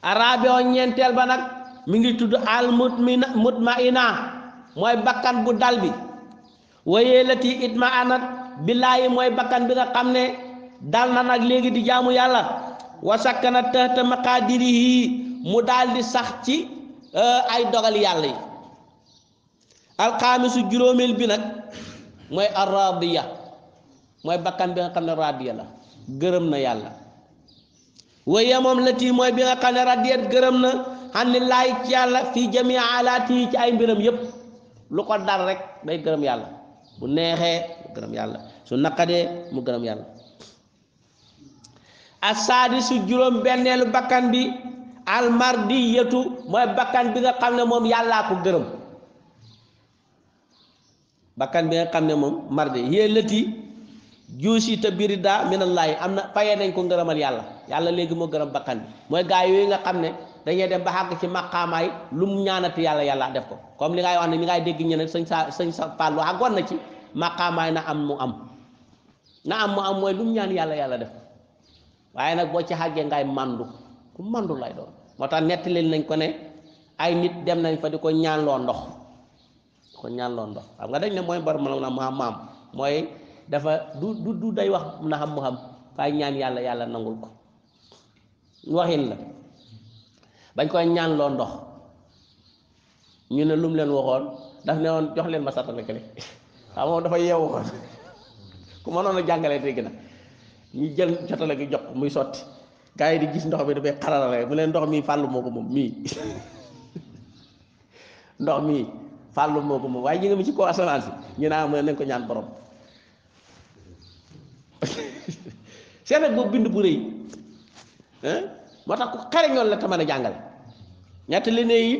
arabio ñeenteel ba nag mu ngi tudd al mutmina mutmaina mooy bakkan bu dal bi wayeelati itma anat billaahi mooy bakkan bi nga xam ne dal na nag léegi di jaamu yàlla wasakkana tahta maqadirihi mu daldi sax ci euh, ay dogal yàlla yi alxaamisu juróomeel bi nag mooy arradiya mooy bakkan bi nga xam ne radiya la gërëm na yàlla waaye moom lati mooy bi nga xam ne radiyat gërëm na xam ne laay ci yàlla fii jami alaati yi ci ay mbiram yépp lu ko dal rek day gërëm yàlla bu neexee mu gërëm yàlla su naqadee mu gërëm yàlla asaadi su juróom benneelu bakkan bi almardiyatu mooy bakkan bi nga xam ne moom yàllaa ko gërëm bakkan bi nga xam ne moom mardi yée lati juusi te biri daa minallaahi am na fayee nañ ko ngërëmal yàlla yàlla léegi moo gërëm bakkan bi mooy gaay yooyu nga xam ne dañuy dem ba xàgg ci maqaamaay lu mu ñaanati yàlla yàlla def ko comme li ngay wax ne li ngay dégg ñeneen sëñ sa sëñ sa Fallu àggoon na ci maqaamaay na am mu am na am mu am mooy lu mu ñaan yàlla yàlla def ko waaye nag boo ci xàggee ngay mandu ku mandu lay doon moo tax nettali nañ ko ne ay nit dem nañ fa di ko ñaanloo ndox ko ñaanloo ndox xam ma dafa du du du day wax na xam mu xam waaye ñaan yàlla yàlla nangul ko waxin la bañ koy ñaan loo ndox ñu ne lum leen waxoon daf ne woon jox leen ma satale kële *laughs* waaw moom dafa yeewu ko ku mënoon a jàngalee dégg na ñu jël satale gi jox muy sotti gaa yi di gis ndox mi dafay xaralale mu leen ndox mii fàllu moo ko moom mii *laughs* ndox mii fàllu moo ko moom waaye ñu ngi mi ci kaw asamaan si ñu naa mën nañ ko ñaan borom *laughs* seet nag bind bu rëy moo tax ku xereñoon la te mën a jàngale ñett li ne yi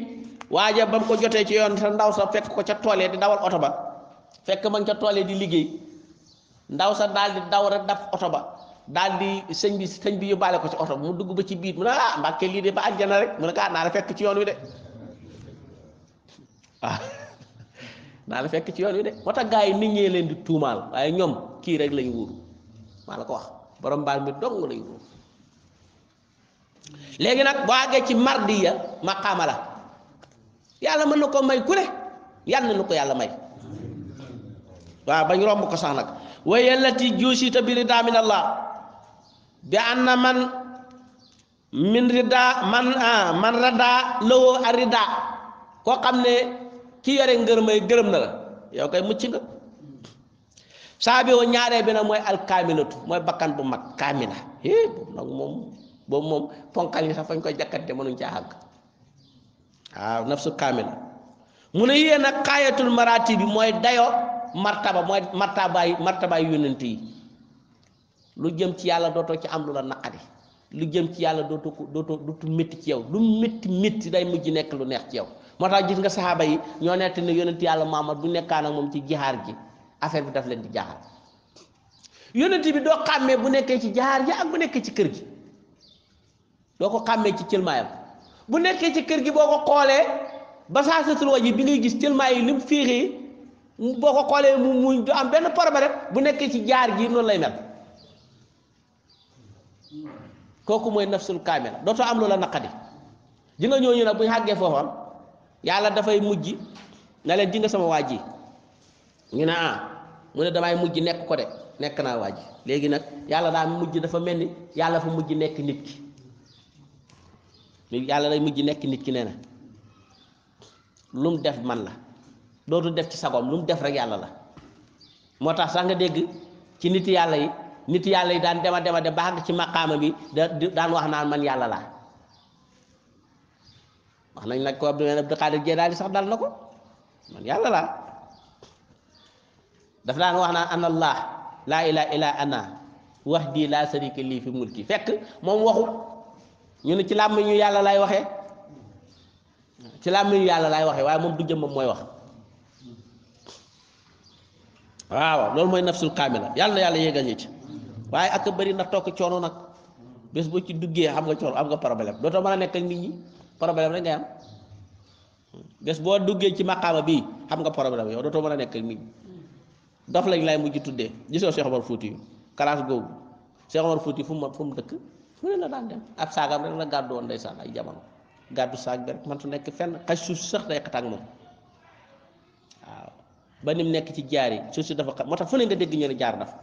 waaja ba mu ko jotee ci yoon sa ndaw sa fekk ko ca toolee di dawal oto ba fekk ma ca toolee di liggéey ndaw sa daldi di daw rek daf oto ba daal di sëñ bi sëñ bi yóbbaale ko ci oto mu dugg ba ci biir mu ne ah mbàkke lii de ba àjjana rek mu ne kaa ah, naa la fekk ci yoon wi de *laughs* ah, *laughs* naa la fekk ci yoon wi de moo tax gaa yi nit ñee leen di tuumaal waaye ñoom kii rek lañu wóoru maa la ko wax borom mbaal mi dong lay góob léegi nag boo àggee ci mardiya maqaama la yàlla mën na ko may ku ne yàlla na ko yàlla may waaw bañ romb ko sax nag wa yallati juusita bi ridaa min la bi na man min ridaa man ah, man radaa lawoo a ridaa koo xam ne ci yore ngërëm ay gërëm na la yow kay mucc nga saabi o ñaaree bi nag mooy alkaamilatu mooy bakkan bu mag kaamila eh boobu nag moom boobu moom ponkal yi sax fañ koy jakkante mënuñ caa àgg waaw nafsu kaamila mu ne nag xaayatul maraati bi mooy dayo martaba mooy martabaay martabaay yónnent yi lu jëm ci yàlla dootoo ci am lu la naqari lu jëm ci yàlla dootu ko dootu ci yow lu métti métti day mujj nekk lu neex ci yow moo tax gis nga saxaaba yi ñoo nett ne yónnent yàlla Muhammad bu nekkaa nag moom ci jihaar ji affaire bi daf leen di jaaxal yonent bi doo xàmmee bu nekkee ci jaar ji ak bu nekkee ci kër gi doo ko xàmmee ci cëlmaayam bu nekkee ci kër gi boo ko xoolee ba saa satul bi ngay gis cëlmaay yi li mu féexee boo ko xoolee mu muñ du am benn problème bu nekkee ci jaar gi noonu lay mel kooku mooy nafsul kaamila dootoo am loola naqadi ji nga ñooñu nag bu ñu xàggee foofoon yàlla dafay mujj na leen di nga sama waa ji ñu ne ah mu ne damay mujj nekk ko de nekk naa waa ji léegi nag yàlla daa mujj dafa mel ni yàlla fa mujj nekk nit ki yàlla lay mujj nekk nit ki nee na lu mu def man la dootul def ci sagoom lu mu def rek yàlla la moo tax sax nga dégg ci nit yàlla yi nit yàlla yi daan dema dema de baax ci maqaama bi da daan wax naan man yàlla laa wax nañ nag ko Abdou Xaadir Jeelaani sax dal na ko man yàlla laa dafa daan wax naan ana allah laa ilaa ilaa ana wax dii laa sarika lii fi mulki fekk moom waxul ñu ne ci làmmiñu yàlla lay waxe ci làmmiñu yàlla lay waxe waaye moom du jëmmam mooy wax waaw loolu mooy nafsul kaamila yàlla na yàlla yéegal ñu ci waaye ak bëri ndax toog coono nag bés boo ci duggee xam nga coono am nga problème dootoo mën a nekk ak nit ñi problème rek ngay am bés boo duggee ci maqaama bi xam nga problème yow dootoo mën a nekk ak nit dof lañ laay mujj tuddee gisoo Cheikh Omar Fouti yu kalaas googu Cheikh Omar Fouti fu mu fu mu dëkk fu ne la daan dem ab saagam rek la gàddu woon ndeysaan ay jamono gàddu saag bi rek man su nekk fenn xaj suuf si sax day xat ak moom waaw ba ni mu nekk ci jaar yi suuf si dafa xat moo tax fu ne nga dégg ñu jaar dafa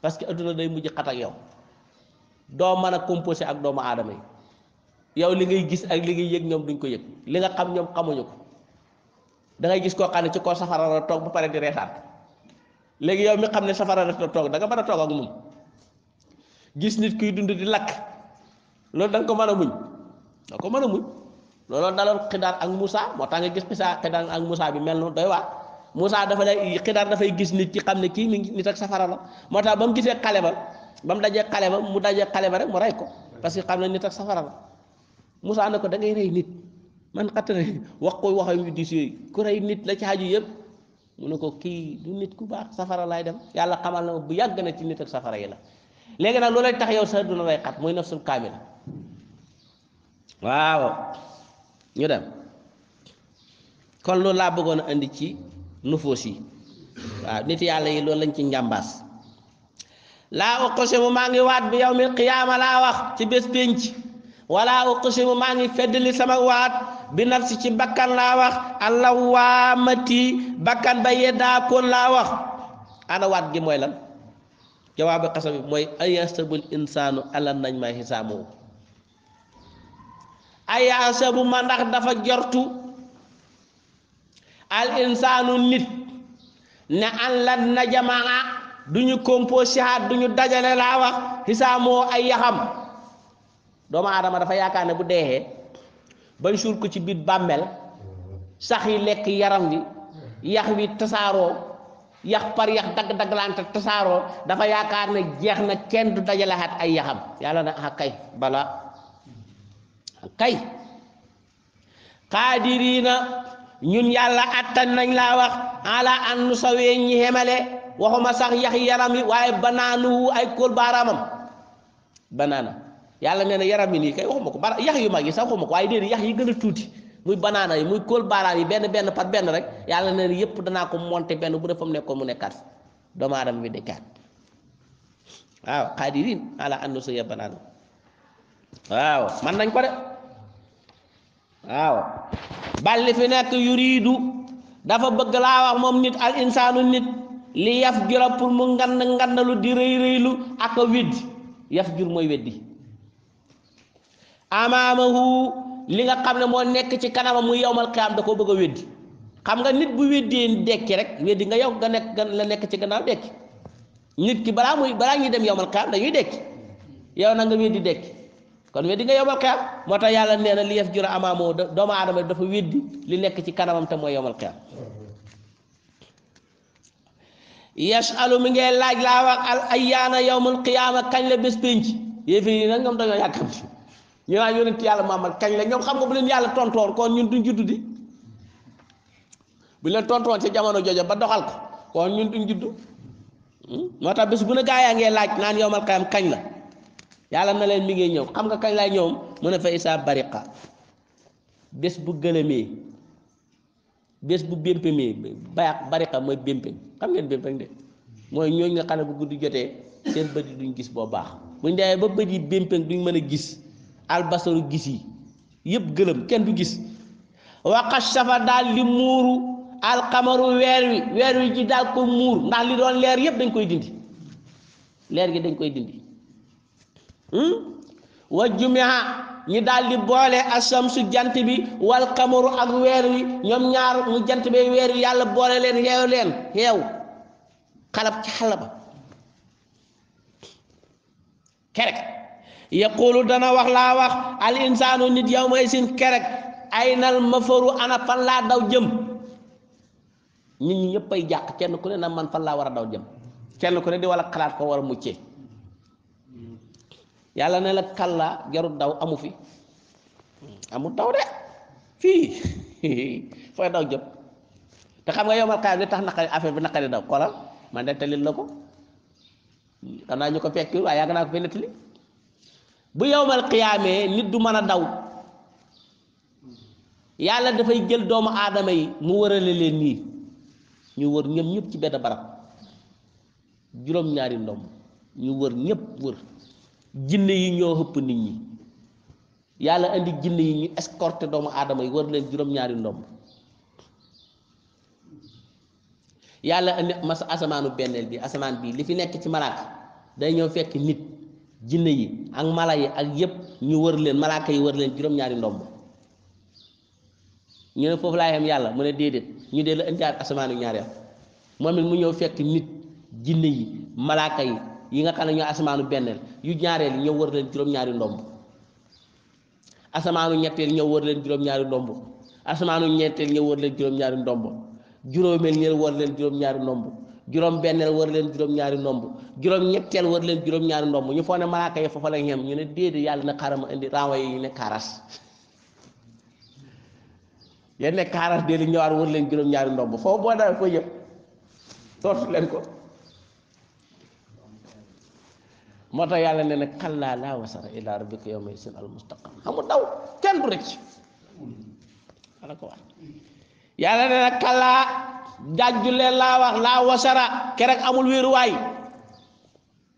parce que adduna day mujj xat ak yow doo mën a composé ak doomu aadama yi yow li ngay gis ak li ngay yëg ñoom duñ ko yëg li nga xam ñoom xamuñu ko dangay gis koo xam ne ci koo safara la ba pare di reetaan. léegi yow mi xam ne safara def toog danga nga mën a toog ak moom gis nit kuy dund di lakk loolu da ko mën a muñ da ko mën a muñ looloo daloon xidaar ak musaa moo tax nga gis xisaa ak Moussa bi mel noonu doy waar Moussa dafa lay xidaar dafay gis nit ci xam ne kii mi nit ak safara la moo tax ba mu gisee xale ba ba mu dajee xale ba mu dajee xale ba rek mu rey ko parce que xam ne nit ak safara la Moussa ne ko da ngay rey nit man xatt wax ko wax yu diis ku rey nit la ci xaju yëpp. mu ne ko kii du nit ku baax safara laay dem yàlla xamal na bu yàgg na ci nit ak safara yi la léegi nag loolay tax yow sa duna lay xat muy nafsul kaamila waaw ñu dem kon loolu laa bëggoon a indi ci nufoos yi waaw nit yàlla yi loolu lañ ci njàmbaas laa uqsimu maa ngi waat bi yawmil qiyaama laa wax ci bés pénc wala uqsimu maa ngi feddali sama waat bi nafsi ci bakkan laa wax allah waamati bakkan ba yeddaa koon laa wax ana waat gi mooy lan jawaabu xasam bi mooy ayasabul insaanu ma ndax dafa jortu al insaanu nit ne an na jamaa duñu composihaat duñu dajale laa wax xisaamoo ay yaxam doomu aadama dafa yaakaar ne bu deexee bañ suur ko ci biir bàmmeel sax yi lekk yaram wi yax wi tasaaroo yax par yax dagg-dagglante tasaaroo dafa yaakaar ne jeex na kenn du dajalaxaat ay yaxam yàlla na a ah kay bala ah kay xaadiriina ñun yàlla attan nañ laa wax ala an nu sawee ñi xemale waxuma sax yax yaram wi waaye banaanuhu ay kóol baaraamam banaana yàlla nee na yaram yi nii kay waxuma ko bara yax yu mag yi sax waxuma ko waaye déedéet yax yi gën tuuti muy banaana yi muy kóol baaraan yi benn benn par benn rek yàlla nee na yëpp danaa ko monter benn bu defam nekkoon mu nekkaat doomu aadama bi dekkaat waaw qaadirin ko de waaw dafa bëgg laa wax moom nit al insaanu nit li yaf jura pour mu ngand ngandalu di rëy rëylu ak a weddi yaf jur mooy weddi amaamahu li nga xam ne moo nekk ci kanamam muy yowmal qiyaam da ko bëgg a weddi xam nga nit bu weddee dekki rek weddi nga yow nga nekk la nekk ci gannaaw dekki nit ki balaa muy balaa ñuy dem yowmal qiyaam dañuy dekki yow na nga weddi dekki kon weddi nga yowmal qiyaam moo tax yàlla nee na li yaf jura amaamahu doomu aadama dafa weddi li nekk ci kanamam te mooy yowmal qiyaam yasalu mi ngay laaj laa wax al ayyaana yowmal qiyaama kañ la bés pénc yéefar yi nag ñoom dañoo yàkkamti ñu naan yonent yàlla Muhammad kañ la ñoom xam nga bu leen yàlla tontoon kon ñun duñ juddu di bu leen tontoon ci jamono jooja ba doxal ko kon ñun duñ juddu hmm? moo tax bés bu ne gaa yaa ngee laaj naan yowmal xayam kañ la yàlla na leen mi ngi ñëw xam nga kañ laay ñëw mu fa isaa bariqa bés bu gëlëmee bés bu bémpemee bayax bariqa mooy bémpem xam ngeen bémpem de mooy ñooñ nga xam ne bu guddi jotee seen bët yi duñ gis boo baax bu demee ba bët yi bémpem duñ mën a gis albasaru gis yi yépp gëlëm kenn du gis waqas safa daal li muuru alxamaru weer wi weer wi ji daal ko muur ndax li doon leer yëpp dañ koy dindi leer gi dañ koy dindi hmm? wa jumiha ñi daal di boole asamsu jant bi wal xamaru ak weer wi ñoom ñaar mu jant bi weer wi yàlla boole leen xeew leen xeew xalab ci xalaba kere yaqulu dana wax laa wax al insaanu nit yow may sin kerek aynal mafaru ana fan laa daw jëm nit ñi ñëpp ay jàq kenn ku ne na man fan laa war a daw jëm kenn ku ne di wala kalaat ko war a muccee yàlla ne la kàllaa jarut daw amu fi amul daw de fii *laughs* fooy daw jëm te xam nga yomal kaay bi tax naqari affaire bi naqari daw xoolal man nettali la ko xam naa ñu ko fekk waaye yàgg naa ko fi nettali bu yowmal qiyaamee nit du mën a daw yàlla dafay jël doomu aadama yi mu wërale leen nii ñu wër ñoom ñëpp ci benn barab juróom-ñaari ndomb ñu wër ñëpp wër jinne yi ñoo hëpp nit ñi yàlla indi jinne yi ñu escorté doomu aadama yi wër leen juróom-ñaari ndomb yàlla indi mas asamaanu benneel bi asamaan bii li fi nekk ci malaaka day ñëw fekk nit jinne yi ak mala yi ak yëpp ñu wër leen malaaka yi wër leen juróom-ñaari ndomb ñu ne foofu laay xam yàlla mu ne déedéet ñu dee la indiwaat asamaan ñaari at moom it mu ñëw fekk nit jinne yi malaaka yi yi nga xam ne ñoo asamaanu benneel yu ñaareel ñëw wër leen juróom-ñaari ndomb asamaanu ñetteel ñëw wër leen juróom-ñaari ndomb asamaanu ñetteel ñëw wër leen juróom ndomb juróomeel ñëw wër leen juróom-ñaari ndomb juróom-benneel war leen juróom-ñaari ndomb juróom-ñetteel war leen juróom-ñaari ndomb ñu foog ne malaaka yi foofa la ñem ñu ne déedéet yàlla na xaaral ma indi renwa yi ñu ne kaaras yéen ne kaaras déedéet ñëwaat war leen juróom-ñaari ndomb foofu daal fooy yëpp tootu leen ko moo yàlla ne na kallaa laa wasara ilaa rabbika yawma isin al mustaqam xamu daw kenn du rëcc ala ko wax yàlla ne ne kallaa jàjju leen laa wax laa wasara ke amul wéeruwaay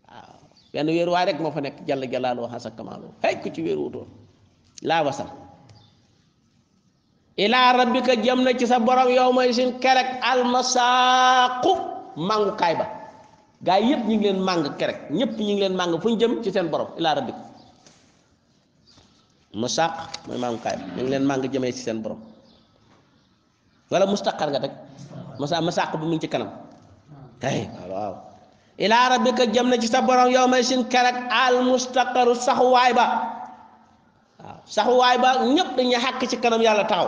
waaw benn weeruwaay rek moo fa nekk jàll jalaaloo xasa kamaaloo hey ku ci wéeruwutoon laa wasara ilaa rabbika jëm na ci sa borom yow may sin kerek almasaqu màngukaay ba gaa yi yëpp ñu ngi leen màng kerek ñépp ñu ngi leen màng fu jëm ci seen borom ilaa rabbika masaq mooy màngukaay ba ñu ngi leen màng jëmee ci seen borom wala mustaqar nga rek masa masàq bi mu ci kanam kay eh, waaw ilaa rabbika jëm na ci sa borom yow may sin kerak al mustaqaru saxuwaay ba saxuwaay ba ñépp dañuy xàkk ci kanam yàlla taxaw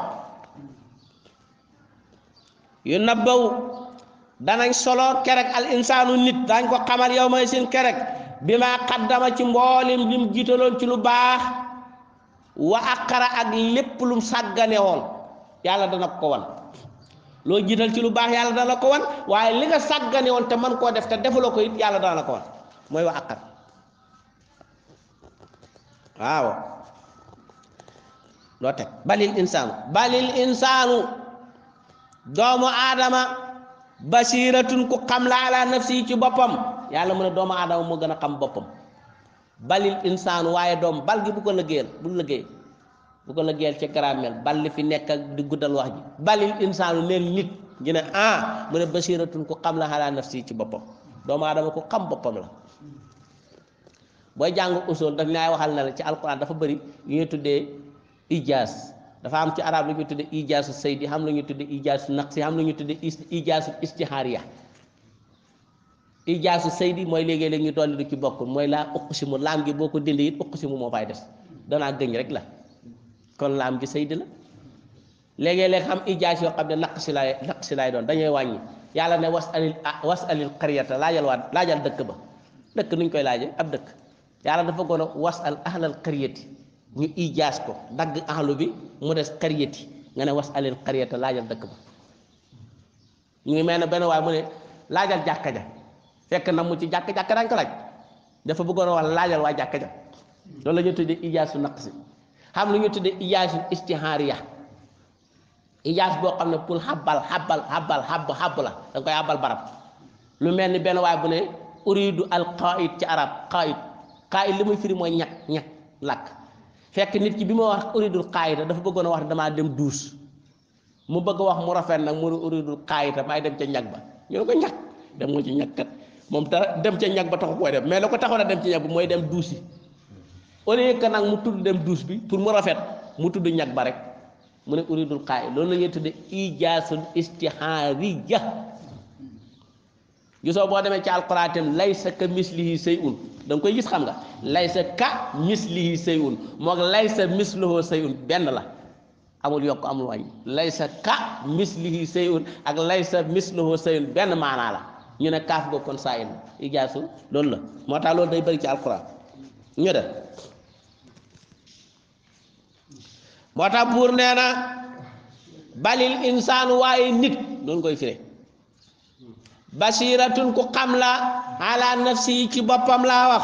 yu nabbaw danañ solo kerak al insaanu nit daañ ko xamal yow may sin kerak bi ma xaddama ci mboolim lim jiitaloon ci lu baax wa aqara ak lépp lum sàggane woon yàlla dana ko wan loo jiital ci lu baax yàlla dana la ko wan waaye li nga sàggane woon te man koo def te defuloo ko yàlla dana la ko wan mooy wax akkat waaw loo teg balil insaanu balil insaanu doomu aadama basiratun ku xam la ala nafsi ci boppam yàlla mu ne doomu aadama moo gën a xam boppam balil insaanu waaye doom bal gi bu ko lëggéeyal bu lëggéey bu ko lëggeel ci caramel balli fi nekk ak di guddal wax ji balil insaanu neel nit ñu ne ah mu ne basiratun ku xam la xalaa nafsi ci boppam doomu aadama ku xam boppam la booy jàng usul daf ñaay waxal na la ci alquran dafa bari ñu ñuy tuddee ijaas dafa am ci arab lu ñuy tuddee ijaasu saydi xam la ñuy tuddee ijaasu naqsi xam la ñuy tuddee ijaasu istihaariya ijaasu saydi mooy léegi-léeg ñu dolli du ci bokkul mooy laa mu laam gi boo ko dindi it uqsimu moo rek la kon laa laam gi saydi la léegi-léeg xam ijaas yoo xam ne naq si laay naq doon dañuy wàññi yàlla ne was alil ah, was alil xariyata laajal waa laajal dëkk ba dëkk nuñ koy laaje ab dëkk yàlla dafa goon a was al ahlal xariyati ñu ijaas ko dagg ahlu bi mu des xariyati nga ne was alil xariyata laajal dëkk ba ñu ngi mel ne benn waay mu ne laajal jàkka ja fekk na mu ci jàkka jàkka dañ ko laaj dafa bëggoon a wax laajal waa jàkka ja loolu la ñuy tuddee ijaasu naq xam lu ñu tudde ijaasu istihaariya ijaas boo xam ne pour xabal xabal xabal xab xab la da nga koy xabal barab lu mel ni benn waay bu ne uridu al qaid ci arab qaid qaid li muy firi mooy ñag lakk fekk nit ki bi ma wax uridul qaida dafa bëggoon a wax ne damaa dem duus mu bëgg a wax mu rafet nag mu ne uridul qaida maay dem ca ñag ba ñu ne ko ñag dem nga ci ñag kat moom dara dem ca ñag ba taxu koy dem mais la ko taxoon a dem ci ñag mooy dem duusi au lieu nag mu tudd dem duus bi pour mu rafet mu tudd ñag ba rek mu ne uridul xaay loolu la ñuy tudde ijaasul istixaariya gisoo boo demee ci alquran itam laysa ka mislihi sayun da koy gis xam nga laysa ka mislihi sayun moog laysa misluhu sayun benn la amul yokk amul wàññi laysa ka mislihi sayun ak laysa misluhu sayun benn maanaa la ñu ne kaaf boobu kon saa loolu la moo tax loolu day bëri ci alquran ñu def moo tax buur nee na balil insaan waaye nit noonu koy fire basiratun ku xam la ala nafsi yi ci boppam laa wax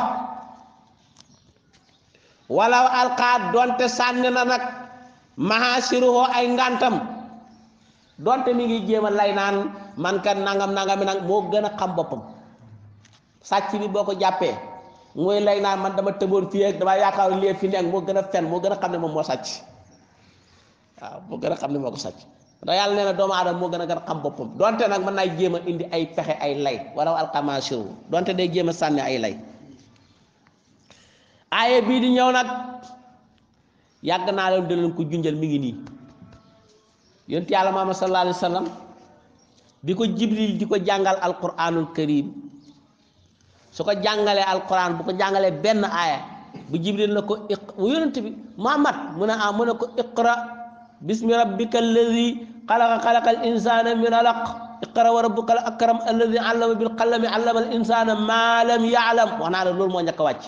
walaw alqaat donte sànni na nag mahasiruhoo ay ngantam donte mi ngi jéem a lay naan man kat nangam nangam nag moo gën a xam boppam sàcc bi boo ko jàppee muy lay naan man dama tëboon fii ak dama yaakaar lii fi nekk moo gën a fen moo gën a xam ne moom moo sàcc waaw moo gën a xam ne moo ko yàlla nee na moo gën a gën a xam boppam donte nag mën naa jéem a indi ay pexe ay lay waraw alxamasiru donte day jéem a sànni ay lay aaye bii di ñëw nag yàgg naa leen dinañ ko junjal mi ngi nii yonent yàlla Muhammad sallallahu alayhi bi ko jibril di ko jàngal alquranul karim su ko jàngalee alquran bu ko jàngalee benn aaya bu jibril na ko iq mu yonent mu ne ah mu ne ko iqra bismi bi alladi xalaqa xalaqa al insana min alaq iqra wa rabbuka al akram alladi allama bil qalami allama al insana yaalam wax naa la loolu moo ñàkk wàcc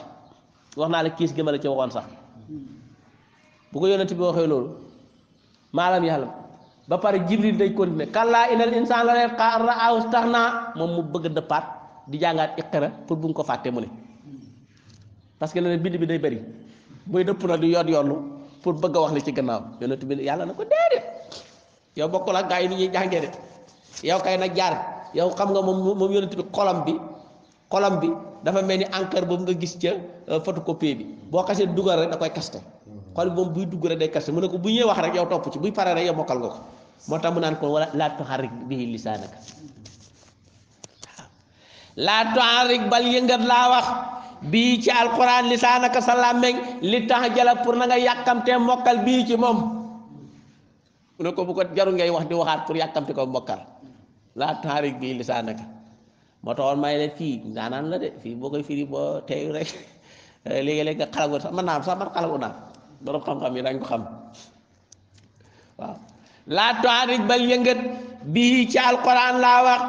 wax naa la kiis gi ma la ci waxoon sax bu ko yonent bi waxee loolu maalam yaalam ba pare jibril day continuer kallaa inal insaan la leen xaar raaw tax naa moom mu bëgg dëppaat di jàngaat iqra pour bu nga ko fàtte mu ne parce que nee na bind bi day bëri muy dëpp na di yoot yootlu pour bëgg a wax li ci gannaaw yonent bi yàlla na ko déedéet yow bokkul ak gaa yi ni ñuy jàngee de yow kay nag jaar yow xam nga moom moom yonent bi xolam bi xolam bi dafa mel ni encre boobu nga gis ca euh, photocopie bi boo xasee dugal rek da koy kaste xol bi moom buy dugg rek day kaste mu ne ko bu ñëwee wax rek yow topp ci buy paree rek yow mokkal nga ko moo tax mu naan ko wala laa tuharrik bihi lisaanaka laa tuharrik bal yëngat laa wax. bii ci alquran lisaanaka sa làmmeñ li tax jala pour na nga yàkkamtee mokkal bii ci moom mu ne ko bu ko jaru ngay wax di waxaat pour yàkkamte ko mokkal laa taxarik bii lisaanaka la fii ndaanaan la de fii boo koy firi boo tey rek *laughs* léegi bii ci alquran laa wax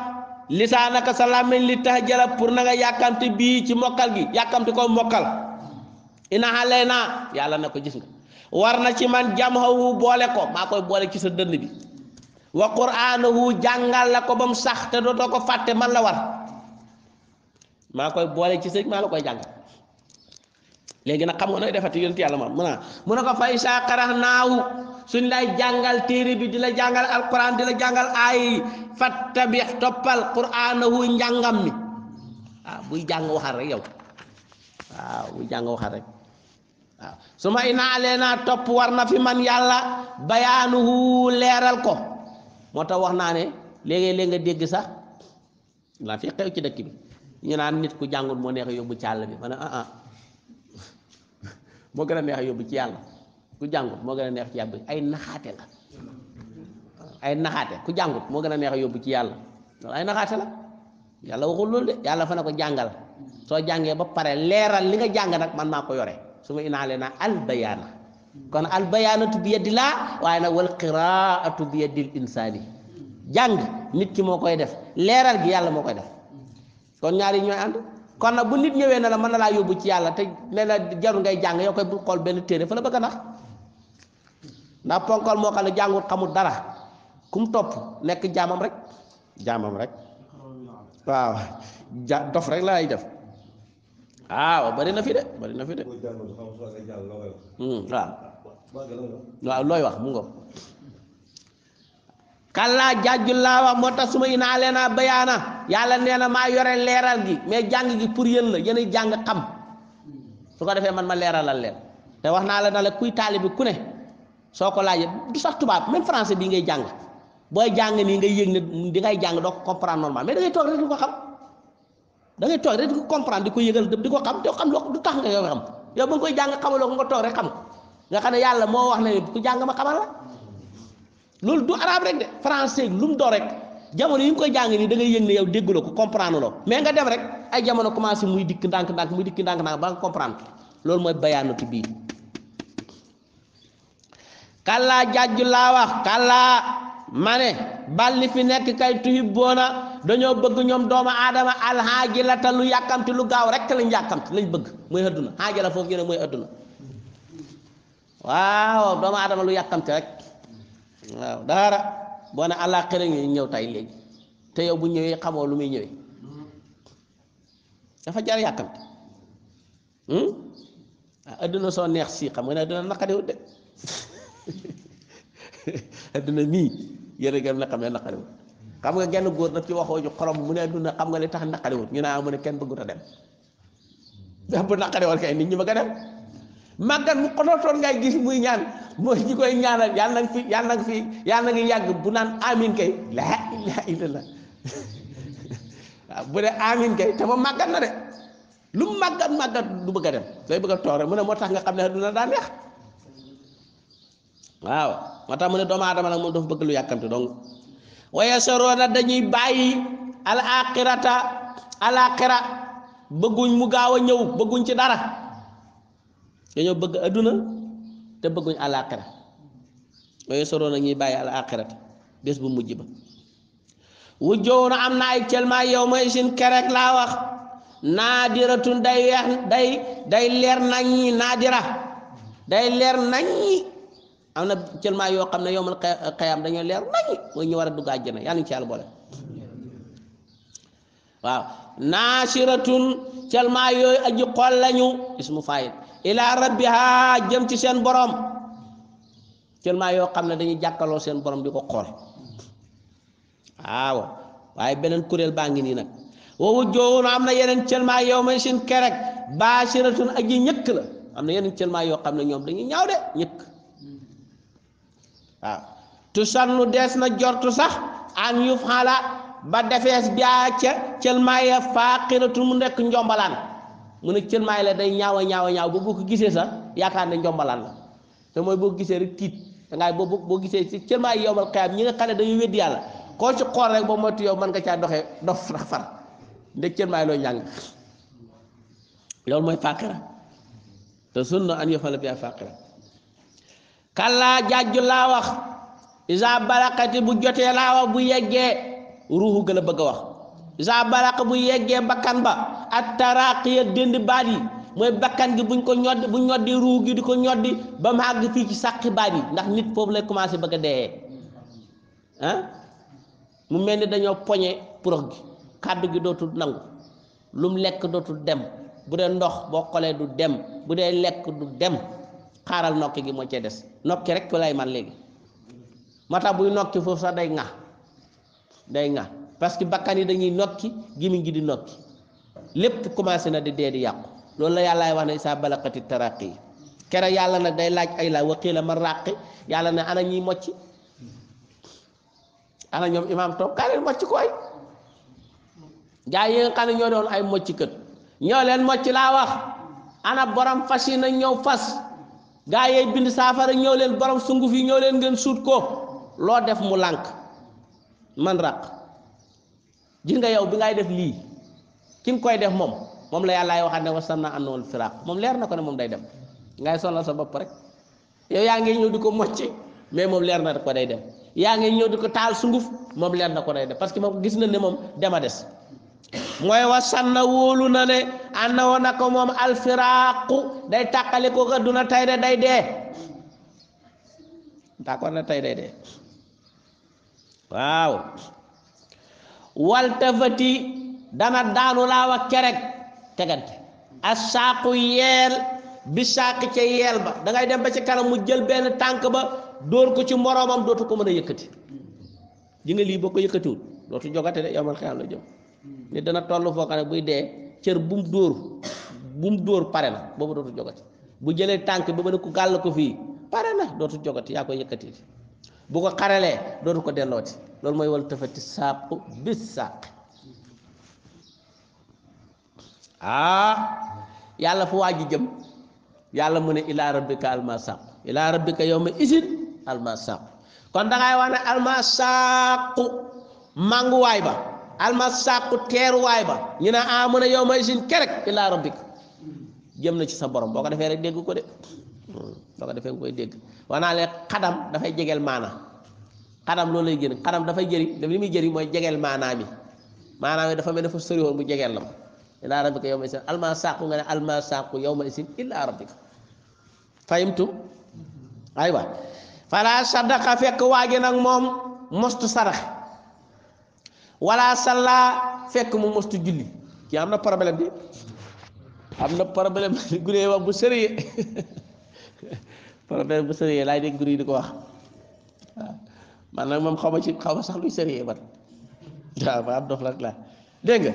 lisaanaka sa làmmiñ li tax jara pour na nga yàkkamti bii ci mokkal gi yàkkamti ko mokkal ina xale naa yàlla na ko jis nga war na ci man jam xawu boole ko maa koy boole ci sa dënn bi wa quraanahu jàngal la ko ba mu sax te dootoo ko fàtte man la war maa koy boole ci sa maa la koy jàngal léegi nag xam nga nooy defati yonent yàlla moom mun a mun a ko fay saa xarax naawu suñ lay jàngal téere bi dina jàngal alquran di la jàngal ay fattabi toppal quranahu njàngam mi waaw buy jàng waxal rek yow waaw buy jàng su ma inaa leenaa topp war na fi man yàlla bayaanuhu leeral ko moo tax wax naa ne léegi-léeg nga dégg sax la fi xew ci dëkk bi ñu naan nit ku jàngul moo neex yóbbu càll bi ma ne ah, ah. moo gën a neex yóbbu ci yàlla ku jàngut moo gën a neex ci ay naxaate la ay ku jàngut moo gën a neex yóbbu ci yàlla loolu ay naxaate la yàlla waxul loolu de yàlla fa ne ko jàngal soo jàngee ba pare leeral li nga jàng nag man maa ko yore su ma inaalee naa albayaana kon albayaanatu bi yaddi laa waaye nag wal qiraatu bi yaddil insaani jàng nit ki moo koy def leeral gi yàlla moo koy def kon ñaari ñooy ànd kon nag bu nit ñëwee ne la mën na laa yóbbu ci yàlla te ne la jarul ngay jàng yow koy bu xool benn téere fa la bëgg a nax ndax ponkol moo xam ne jàngut xamul dara ku topp nekk jaamam rek jaamam rek *laughs* waaw ja dof rek laay def waaw bari na fi de bari na fi de hmm, waaw looy wax mu ngoog kàllaa jàjju laawa moo tax su ma inaa leenaa bayaana yàlla nee na maa yore leeral gi mais jàng gi pour yéen la yéen jàng xam su ko defee man ma leeralal leen te wax naa la na la kuy taalibi ku ne soo ko laajee du sax tubaab même français bii ngay jàng booy jàng nii ngay yëg ne di ngay jàng doo ko comprendre normal mais da toog rek di ko xam da ngay toog rek di ko comprendre di ko yëgal di ko xam te xam loo du tax yow ba koy jàng xamaloo ko nga toog rek xam ko nga xam ne yàlla moo wax ne ku jàng ma xamal la. loolu du arabe rek de français lu mu doo rek jamono yi nga koy jàng nii da ngay yëg ne yow dégguloo ko comprendre loo mais nga dem rek ay jamono commencé muy dikk ndànk-ndànk muy dikk ndànk-ndànk ba nga loolu mooy bayaanatu bii kallaa jàjju laa wax kallaa mane ne bal fi nekk kay tuhibboona dañoo bëgg ñoom doomu aadama alxaajilata lu yàkkamti lu gaaw rek lañ yàkkamti lañ bëgg mooy àdduna xaajala foofu ñu ne mooy àdduna waaw doomu aadama lu yàkkamti rek waaw daara boo ne àllaaxira ngi ñëw tay léegi te yow bu ñëwee xamoo lu muy ñëwee dafa jar yàkkamte hmm? ah, adduna soo neex sii xam nga ne adduna naqariwut de *laughs* adduna nii yéen a gëm na xam ne naqariwut xam nga genn góor daf ci waxoo ju xorom mu ne adduna xam nga li tax naqariwut ñu ne ah mu ne kenn bëggut a dem bu naqariwul kay nit ñi bëgg a dem màggat mu xonootoon ngay gis muy ñaan mooy ñi koy ñaanal yàlla nag fi yàlla nag fi yàlla nag yàgg bu naan amin kay laa ilaha illallah waaw *laughs* bu dee amin kay te ba màggat na de lu màggat màggat du bëgg a dem day bëgg a toore mu ne moo tax nga xam ne duna daa neex waaw moo tax mu ne doomu aadama nag moom dafa bëgg lu yàkkamte donc waaye soroona dañuy bàyyi al axirata al axira bëgguñ mu gaaw a ñëw bëgguñ ci dara dañoo bëgg adduna te bëgguñ alaaxira yooyu soroon ak ñuy bàyyi alaaxirat bés bu mujj ba wujjoowu na am na ay cëlmaay yow may sin kerek laa wax naadiratun day day day leer nañ ñi naadira day leer nañ am na cëlmaay yoo xam ne yowmal xayaam dañoo leer ñu war a dugg àjjana yàlla ñu ci yooyu aji xol lañu ismu fayil rab bi rabbiha jëm ci seen borom tellement yoo xam ne dañuy jàkkaloo seen borom di ko xool waaw waaye beneen kuréel baa ngi nii nag woowu joowoon am na yeneen tellement yow may seen kerek baasiratun ak yi ñëkk am na yeneen tellement yoo xam ne ñoom dañuy ñaw de ñëkk waaw tu sannu dees na jortu sax an yuf xala ba defees bi ca tellement ya faaqiratun mu nekk njombalaan mu ne cëlmaay la day ñaaw a ñaaw a ñaaw boo ko gisee sax yaakaar na njombalaan la te mooy boo gisee rek tiit dangaay boo boo gisee si cëlmaay yowmal xiyaam ñi nga xam ne dañuy yàlla koo ci xool rek ba moytu yow mën nga caa doxee dof far ndeg cëlmaay looy ñàng loolu mooy fàqira te sunna an yofala bi fàqira kallaa jaaju laa wax isa barakati bu jotee laa wax bu yeggee ruuxu gën a bëgg a wax za baraq bu yeggee bakkan ba ak taraqiya dënd baat yi mooy bakkan gi buñ ko ñoddi bu ñoddi ruu gi di ko ñoddi ba mu àgg fii ci sàqi baat yi ndax nit foofu lay commencé bëgg a dee ah mu mel ni dañoo poñe purox gi kàddu gi dootul nangu lu mu lekk dootul dem bu dee ndox boo xoolee du dem bu dee lekk du dem xaaral nokki gi moo cee des nokki rek lay man léegi moo tax buy nokki foofu sax day ŋa day ŋa parce que bakkan yi dañuy nokki gémmiñ gi di nokki lépp commencé na di dee di yàqu loolu la yàllaay wax ne isaa balaqati taraqi yi kere yàlla nag day laaj ay laaj waqila ma ràqi yàlla na ana ñuy mocc ana ñoom imaam toog kaa leen mocc koy gaa yi nga ñoo doon ay mocc kët ñoo leen mocc laa wax ana borom fas yi nañ ñëw fas gaa yee bind saafara ñëw leen borom sunguf yi ñëw leen ngeen suut ko loo def mu lànk man ràq gis nga yow bi ngay def lii ki koy def moom moom la yàllaay waxaat ne wasam naa àndoon firaaq moom leer na ko ne moom day dem ngay sa bopp rek yow yaa ngi ñëw di ko mocce mais moom leer na ko day dem yaa ngi ñëw di ko taal sunguf moom leer na ko day dem parce que moom gis na ne moom dema des mooy wasan na wóolu na ne ànd woon na ko moom alfiraaqu day tàqale ko ka duna tay de day dee d'accord na tay day dee waaw waltafati dana daanu laa wa kerek tegante a saaqu yeel bi saaqi ca yeel ba da ngay dem ba ci kanam mu jël benn tànk ba dóor ko ci moroomam dootu ko mën a yëkkati ji lii boo ko yëkkatiwul dootu jogate de yow man xeyam la jëm nit dana toll foo xam ne buy dee cër bum dóor bu mu dóor pare na boobu dootu jogati bu jëlee tànk ba ba ne ku gàll ko fii pare na dootu jogati yaa koy yëkkati bu ko xaralee dootu ko dellooti loolu mooy wal tafati saaqu bis saaq ah, yàlla fu waaji jëm yàlla mu ne illaa rabbika alma saaqu ilaa rabbika yawma isin alma saaqu kon da ngay wax ne alma saaqu mànguwaay ba alma saaqu teeruwaay ba ñu ne ah mu ne yawma isin kerek ilaa rabbika jëm na ci sa borom boo ko defee rek dégg ko de hmm, boo ko defee nga koy dégg wax naa leen xadam dafay jegeel maana xanam loolu lay génn xanam dafay jëriñ daf li muy jëriñ mooy jegeel maanaam yi maanaam yi dafa mel dafa sori woon bu jegeel la ma ilaa rabbika yow ma isin alma sàqu nga ne alma sàqu yow ma isin illaa rabbika fahimtum aywa fala saddaqa fekk waaji mostu sarax wala fekk mu mostu julli kii am na problème bi am na problème gune yi wax bu sérieux *laughs* problème bu sérieux laay dégg gune yi ko wax man nag moom xaw ma ci xaw ma sax luy sérieux man waaw ma am dof la la dégg nga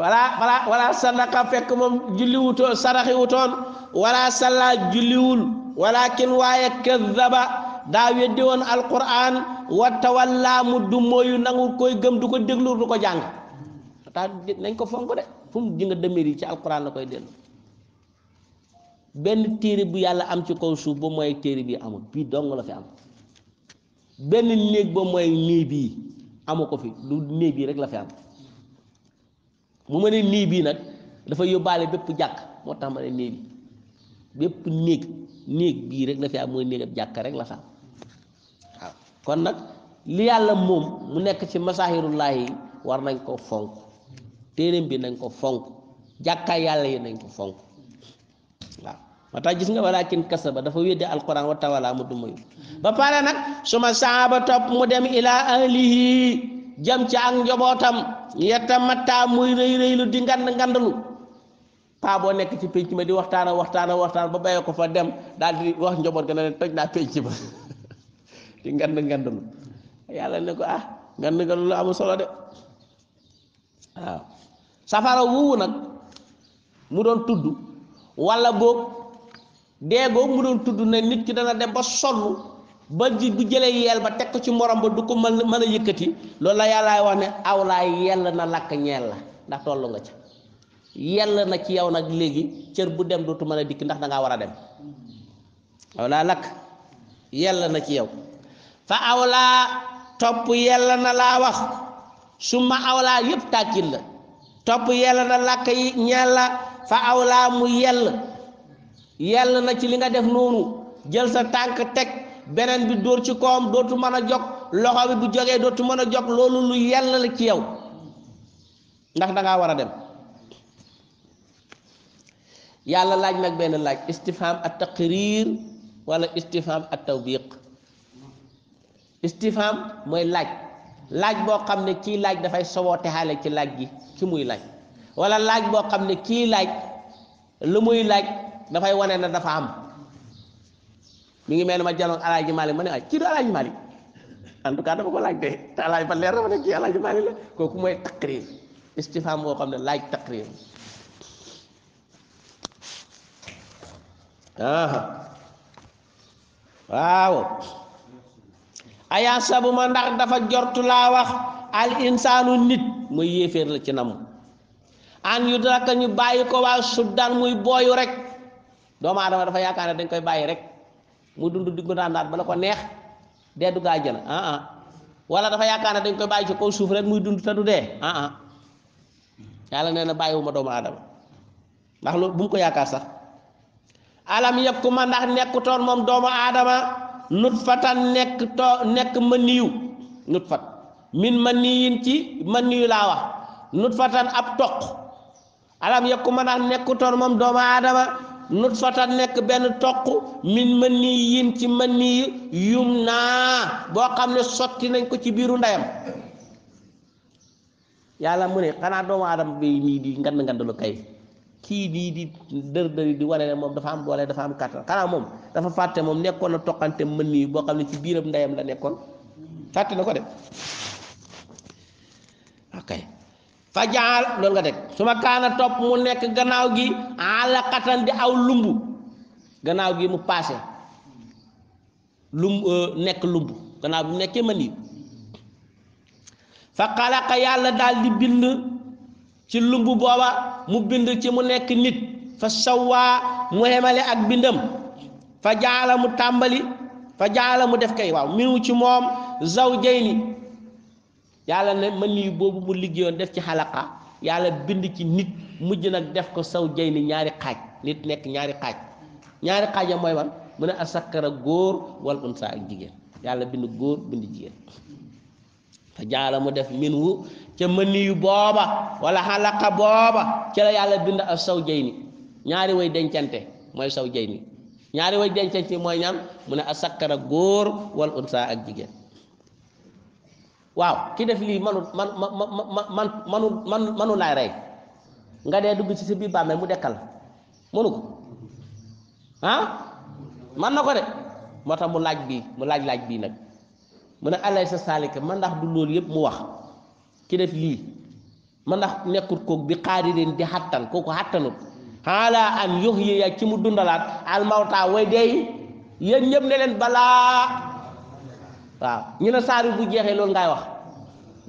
wala wala wala sadaqa fekk moom julli wutoon saraxi wutoon wala salla julliwul waaye kazzaba daa weddi woon alquran wa tawalla mu du mooyu nangu koy gëm du ko déglu du ko jàng ta nañ ko fonk de fu mu ji nga yi ci alquran la koy dellu benn téere bu yàlla am ci kaw suuf ba mooy téere bi amul bii dong la fi am benn néeg ba mooy nii bii amu ko fi lu néeg bii rek la fi am mu ma ne nii bii nag dafa yóbbaale bépp jàkk moo tax ma ne nii bi bépp néeg néeg bii rek la fi am mooy néeg ab rek la fa am waaw kon nag li yàlla moom mu nekk ci masaahirullaahi yi war nañ ko fonk téeréem bi nañ ko fonk jàkkaay yàlla yi nañ ko fonk waaw moo tax gis nga walaakin kasa ba dafa weddi alquran wa tawala mu du mayu ba pare nag suma saaba topp mu dem ilaa ahlihi jëm ci ak njobootam yetta mattaa muy rëy rëylu di ngand ngandalu paa boo nekk ci pénc ma di waxtaana waxtaana waxtaan ba bàyyi ko fa dem daal di wax njoboot gën a leen toj naa pénc ma *laughs* di ngand ngandalu yàlla ne ko ah ngand ngandalu amul solo de waaw safara wuwu nag mu doon tudd wala boog dee googu mu doon tudd ne nit ki dana dem ba sonn ba ji bu jëlee yeel ba teg ci morom ba du ko mën mën a yëkkati loolu la yàllaay wax ne aw laay yell na lakk ñeel la ndax tollu nga ca yell na ci yow nag léegi cër bu dem dootu mën a dikk ndax da war a dem aw laa na ci yow fa aw laa topp yell na laa wax su ma aw laa yëpp tàkkil la topp yell na lakk yi ñeel la fa aw laa mu yell yell na ci li nga def noonu jël sa tànk teg. beneen bi dóor ci koom dootu mën a jog loxo bi bu jógee dootu mën a jog loolu lu yàlla la ci yow ndax dangaa war a dem yàlla laaj mag benn laaj istifham at taqrir wala istifham at tawbiq istifham mooy laaj laaj boo xam ne kii laaj dafay soboote xaale ci laaj gi ki muy laaj wala laaj boo xam ne kii laaj lu muy laaj dafay wone na dafa am mu ngi mel ni ma janoog alaaji Malick ma ne ah kii du alaaji Malick en tout cas ko laaj de alaaji ba leer na ma ne kii alaaji Malick la kooku mooy taqrir istifham boo xam ne laaj taqrir waaw ayaa sabu ndax dafa jortu laa wax al insaanu nit muy yéeféer la ci namu an yu daka ñu bàyyi ko waa suddaan muy booyu rek doomu aadama dafa yaakaar ne dañ koy bàyyi rek mu dund diggu ndàndaat ba la ko neex dee du gaa jël ah ah wala dafa yaakaar ne dañ koy bàyyi ci kaw suuf rek muy dund te du dee ah ah yàlla nee na bàyyiwuma doomu aadama ndax loolu bu mu ko yaakaar sax alam yëpp ku ma ndax nekkutoon moom doomu aadama nut fatan nekk too nekk maniyu nut fat min maniyin ci maniyu laa wax nut fatan ab toq alam yëpp ndax nekkutoon moom doomu aadama nut fatan nekk benn toq min mën nii yin ci mën nii yum naa boo xam ne sotti nañ ko ci biiru ndeyam yàlla mu ne xanaa doomu aadama bi nii di ngand kay kii nii di dër dëri di wane ne moom dafa am doole dafa am kàttan xanaa moom dafa fàtte moom nekkoon na toqante mën nii boo xam ne ci biiram ndeyam la nekkoon fàtte na ko de ok fa jaal loolu nga teg su ma kaana topp mu nekk gannaaw gi alaqatan di aw lumb gannaaw gi mu paase lumb euh, nekk lumb gannaaw bi mu nekkee mani fa xalaqa yàlla daal di bind ci lumb booba mu bind ci mu nekk nit fa sawwaa mu xemale ak bindam fa jaala mu tàmbali fa jaala mu def kay waaw minu ci moom zawjayni yàlla ne mën yu boobu mu liggéeyoon def ci xalaqa yàlla bind ci nit mujj nag def ko saw jay ñaari xaaj nit nekk ñaari xaaj ñaari xaaja mooy man mu ne asakkara góor wal ak jigéen yàlla bind góor bind jigéen fa mu def min wu ca mën yu booba wala xalaqa booba ci bind ak saw jay ñaari way dencante mooy saw jay ni ñaari way dencante mooy ñaan mu ne asakkara góor wal unsa ak jigéen waaw ki def lii manut man ma ma man manu man manu laay rey nga dee dugg ci sa biir bàmmeel mu dekkal mënu ko ah man na ko de moo tax mu laaj bii mu laaj laaj bii nag mu ne alay sa saalika man ndax du loolu yëpp mu wax ki def lii man ndax nekkut koog bi xaadirin di xattan kooku xattanut xaalaa an yox yi ci mu dundalaat almawta way dee yéen ñëpp ne leen balaa waaw ñu ne saar bu jeexee loolu ngay wax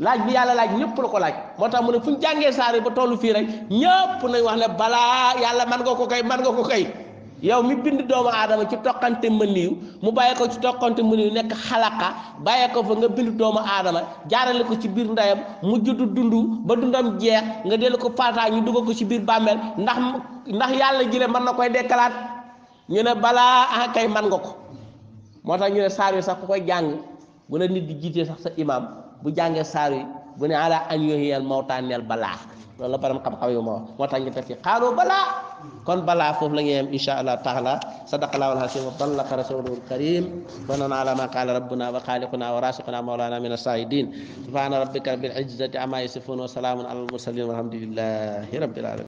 laaj bi yàlla laaj ñépp la ko laaj moo tax mu ne fu ñu jàngee saar ba tollu fii rek ñëpp nañ wax ne balaa yàlla man nga ko kay man nga ko kay yow mi bind doomu aadama ci toqante mëniw mu bàyyi ko ci toqante mëniw nekk xalaqa bàyyi ko fa nga bind doomu aadama jaarale ko ci biir ndeyam mu juddu ba dundam jeex nga dellu ko faataa ñu dugal ko ci biir bàmmeel ndax ndax yàlla jile mën na koy dekkalaat ñu ne balaa ah, kay man nga ko moo tax ñu ne saar sax ku koy jàng bu la nit di jiitee sax sa imaam bu jàngee saar yi bu ne ala an yoxiyal mawtaaneel balaa loolu la borom xam-xam yu ma wax moo tax ñu def ci balaa kon balaa foofu la ñuy yem insha allah taala sadaqallahu alhasim wa ballaka rasuluhu alkarim wa nana ala ma qaala rabbuna wa xaaliquna wa rasiquna maulana min asaidin subhana rabbika rabbil izzati amma alamin